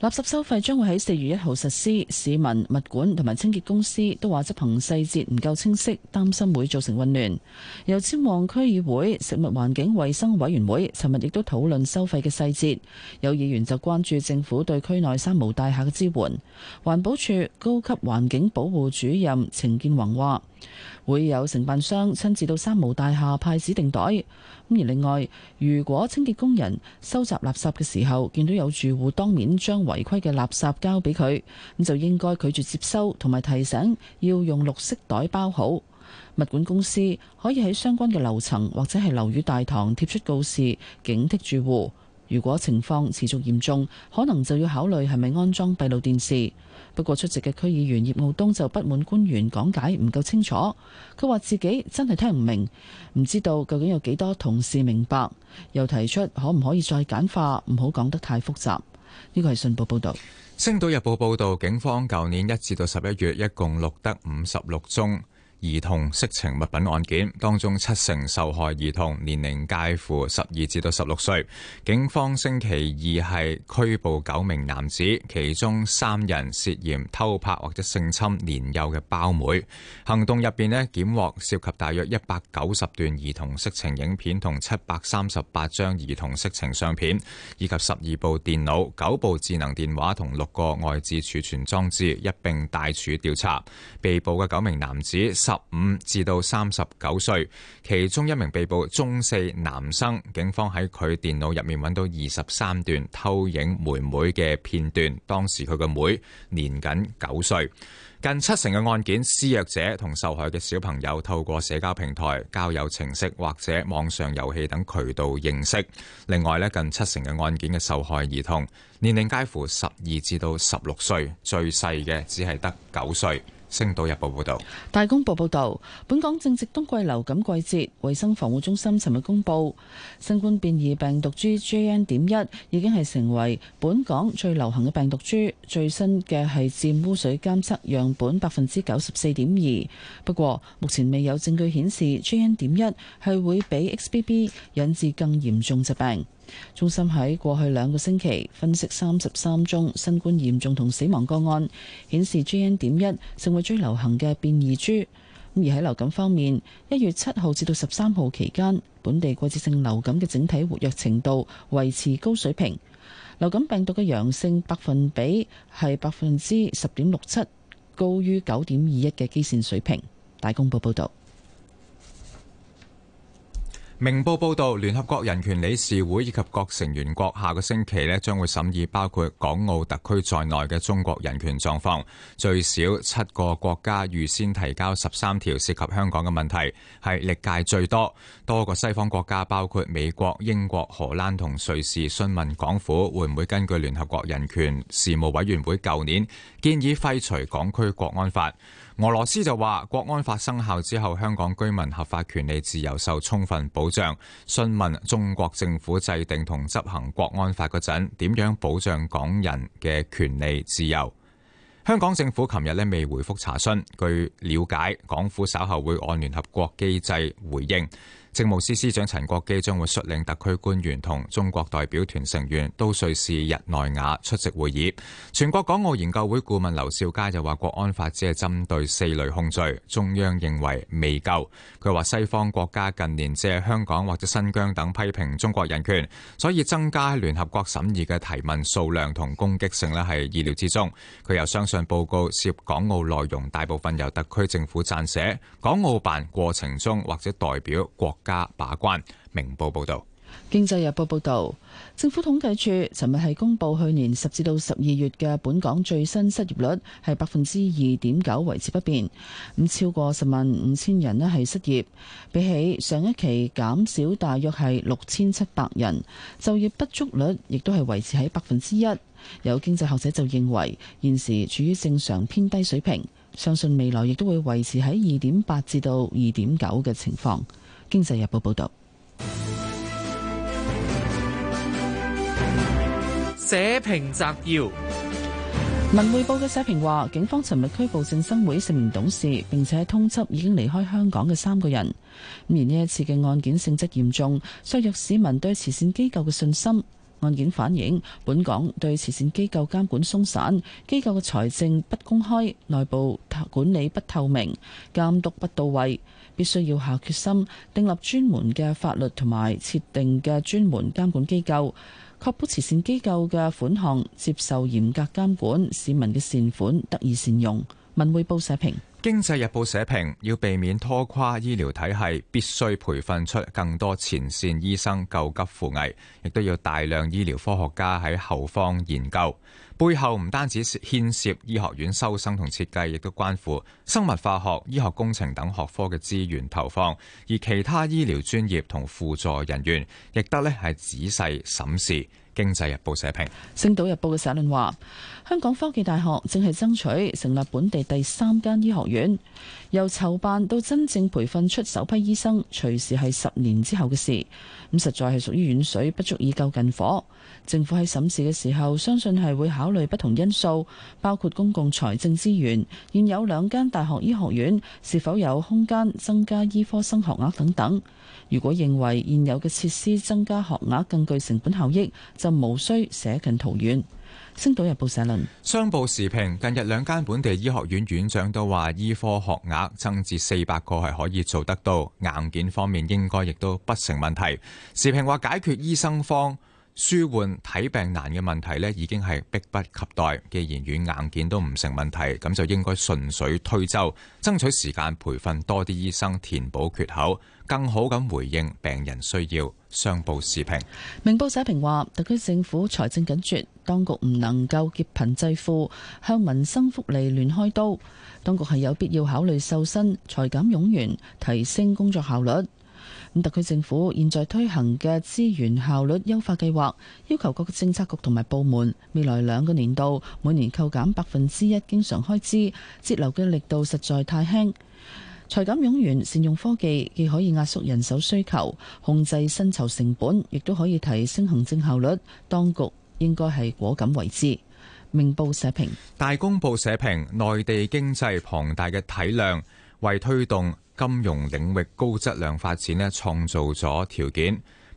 垃圾收費將會喺四月一號實施，市民、物管同埋清潔公司都話執行細節唔夠清晰，擔心會造成混亂。油尖旺區議會食物環境衞生委員會，尋日亦都討論收費嘅細節。有議員就關注政府對區內三無大廈嘅支援。環保署高級環境保護主任程建宏話。會有承辦商親自到三毛大廈派指定袋，咁而另外，如果清潔工人收集垃圾嘅時候見到有住戶當面將違規嘅垃圾交俾佢，咁就應該拒絕接收，同埋提醒要用綠色袋包好。物管公司可以喺相關嘅樓層或者係樓宇大堂貼出告示，警惕住戶。如果情況持續嚴重，可能就要考慮係咪安裝閉路電視。不過出席嘅區議員葉傲冬就不滿官員講解唔夠清楚，佢話自己真係聽唔明，唔知道究竟有幾多同事明白，又提出可唔可以再簡化，唔好講得太複雜。呢個係信報報道。星島日報報道，警方舊年一至到十一月一共錄得五十六宗。兒童色情物品案件當中，七成受害兒童年齡介乎十二至到十六歲。警方星期二係拘捕九名男子，其中三人涉嫌偷拍或者性侵年幼嘅胞妹。行動入邊呢，檢獲涉及大約一百九十段兒童色情影片同七百三十八張兒童色情相片，以及十二部電腦、九部智能電話同六個外置儲存裝置，一並帶署調查。被捕嘅九名男子，十五至到三十九歲，其中一名被捕中四男生，警方喺佢電腦入面搵到二十三段偷影妹妹嘅片段，當時佢嘅妹妹年僅九歲。近七成嘅案件，施虐者同受害嘅小朋友透過社交平台交友程式或者網上遊戲等渠道認識。另外呢，近七成嘅案件嘅受害兒童年齡介乎十二至到十六歲，最細嘅只係得九歲。星島日報報道，大公報報道，本港正值冬季流感季節，衛生防護中心尋日公佈，新冠變異病毒株 JN 點一已經係成為本港最流行嘅病毒株，最新嘅係佔污水監測樣本百分之九十四點二。不過，目前未有證據顯示 JN 點一係會比 XBB 引致更嚴重疾病。中心喺過去兩個星期分析三十三宗新冠嚴重同死亡個案，顯示 JN 點一成為最流行嘅變異株。而喺流感方面，一月七號至到十三號期間，本地季節性流感嘅整體活躍程度維持高水平，流感病毒嘅陽性百分比係百分之十點六七，高於九點二一嘅基線水平。大公報報道。明報報道，聯合國人權理事會以及各成員國下個星期呢將會審議包括港澳特區在內嘅中國人權狀況，最少七個國家預先提交十三條涉及香港嘅問題，係歷屆最多。多個西方國家包括美國、英國、荷蘭同瑞士，詢問港府會唔會根據聯合國人權事務委員會舊年建議廢除港區國安法。俄羅斯就話國安法生效之後，香港居民合法權利自由受充分保障。詢問中國政府制定同執行國安法嗰陣，點樣保障港人嘅權利自由？香港政府琴日呢未回覆查詢，據了解，港府稍後會按聯合國機制回應。政務司司長陳國基將會率領特區官員同中國代表團成員都瑞士日內瓦出席會議。全國港澳研究會顧問劉兆佳又話：國安法只係針對四類控罪，中央認為未夠。佢話西方國家近年借香港或者新疆等批評中國人權，所以增加喺聯合國審議嘅提問數量同攻擊性呢係意料之中。佢又相信報告涉港澳內容大部分由特區政府撰寫，港澳辦過程中或者代表國。加把關。明報報道，《經濟日報》報道，政府統計處尋日係公布去年十至到十二月嘅本港最新失業率係百分之二點九，維持不變。咁超過十萬五千人呢係失業，比起上一期減少大約係六千七百人。就業不足率亦都係維持喺百分之一。有經濟學者就認為，現時處於正常偏低水平，相信未來亦都會維持喺二點八至到二點九嘅情況。《經濟日報》報道，社評摘要：文匯報嘅社評話，警方尋日拘捕正生會成員董事，並且通緝已經離開香港嘅三個人。五而呢一次嘅案件性質嚴重，削弱市民對慈善機構嘅信心。案件反映本港對慈善機構監管鬆散，機構嘅財政不公開，內部管理不透明，監督不到位。必須要下決心，訂立專門嘅法律同埋設定嘅專門監管機構，確保慈善機構嘅款項接受嚴格監管，市民嘅善款得以善用。文匯報社評。經濟日報社評：要避免拖垮醫療體系，必須培訓出更多前線醫生救急扶危，亦都要大量醫療科學家喺後方研究。背後唔單止牽涉醫學院收生同設計，亦都關乎生物化學、醫學工程等學科嘅資源投放，而其他醫療專業同輔助人員亦得呢係仔細審視。《經濟日報》社評，《星島日報》嘅社論話：香港科技大學正係爭取成立本地第三間醫學院，由籌辦到真正培訓出首批醫生，隨時係十年之後嘅事。咁實在係屬於遠水不足以救近火。政府喺審視嘅時候，相信係會考慮不同因素，包括公共財政資源、現有兩間大學醫學院是否有空間增加醫科生學額等等。如果認為現有嘅設施增加學額更具成本效益，就無需捨近圖遠。星島日報社論，商報時評，近日兩間本地醫學院院長都話，醫科學額增至四百個係可以做得到，硬件方面應該亦都不成問題。時評話，解決醫生荒舒緩睇病難嘅問題咧，已經係迫不及待。既然軟硬件都唔成問題，咁就應該順水推舟，爭取時間培訓多啲醫生，填補缺口。更好咁回應病人需要，商報視評。明報社評話，特區政府財政緊絀，當局唔能夠劫貧濟富，向民生福利亂開刀。當局係有必要考慮瘦身、裁減冗員、提升工作效率。咁特區政府現在推行嘅資源效率優化計劃，要求各個政策局同埋部門未來兩個年度每年扣減百分之一經常開支，節流嘅力度實在太輕。財緊用完，善用科技既可以壓縮人手需求，控制薪酬成本，亦都可以提升行政效率。當局應該係果敢為之。明報社評大公報社評，內地經濟龐大嘅體量，為推動金融領域高質量發展呢，創造咗條件。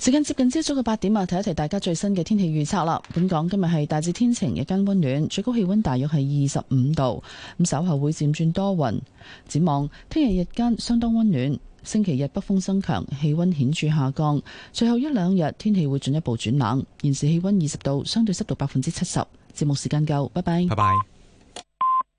時間接近朝早嘅八點啊，提一提大家最新嘅天氣預測啦。本港今日係大致天晴，日間溫暖，最高氣溫大約係二十五度。咁稍後會漸轉多雲。展望聽日日間相當溫暖，星期日北風增強，氣溫顯著下降。最後一兩日天氣會進一步轉冷。現時氣溫二十度，相對濕度百分之七十。節目時間夠，拜拜。拜拜。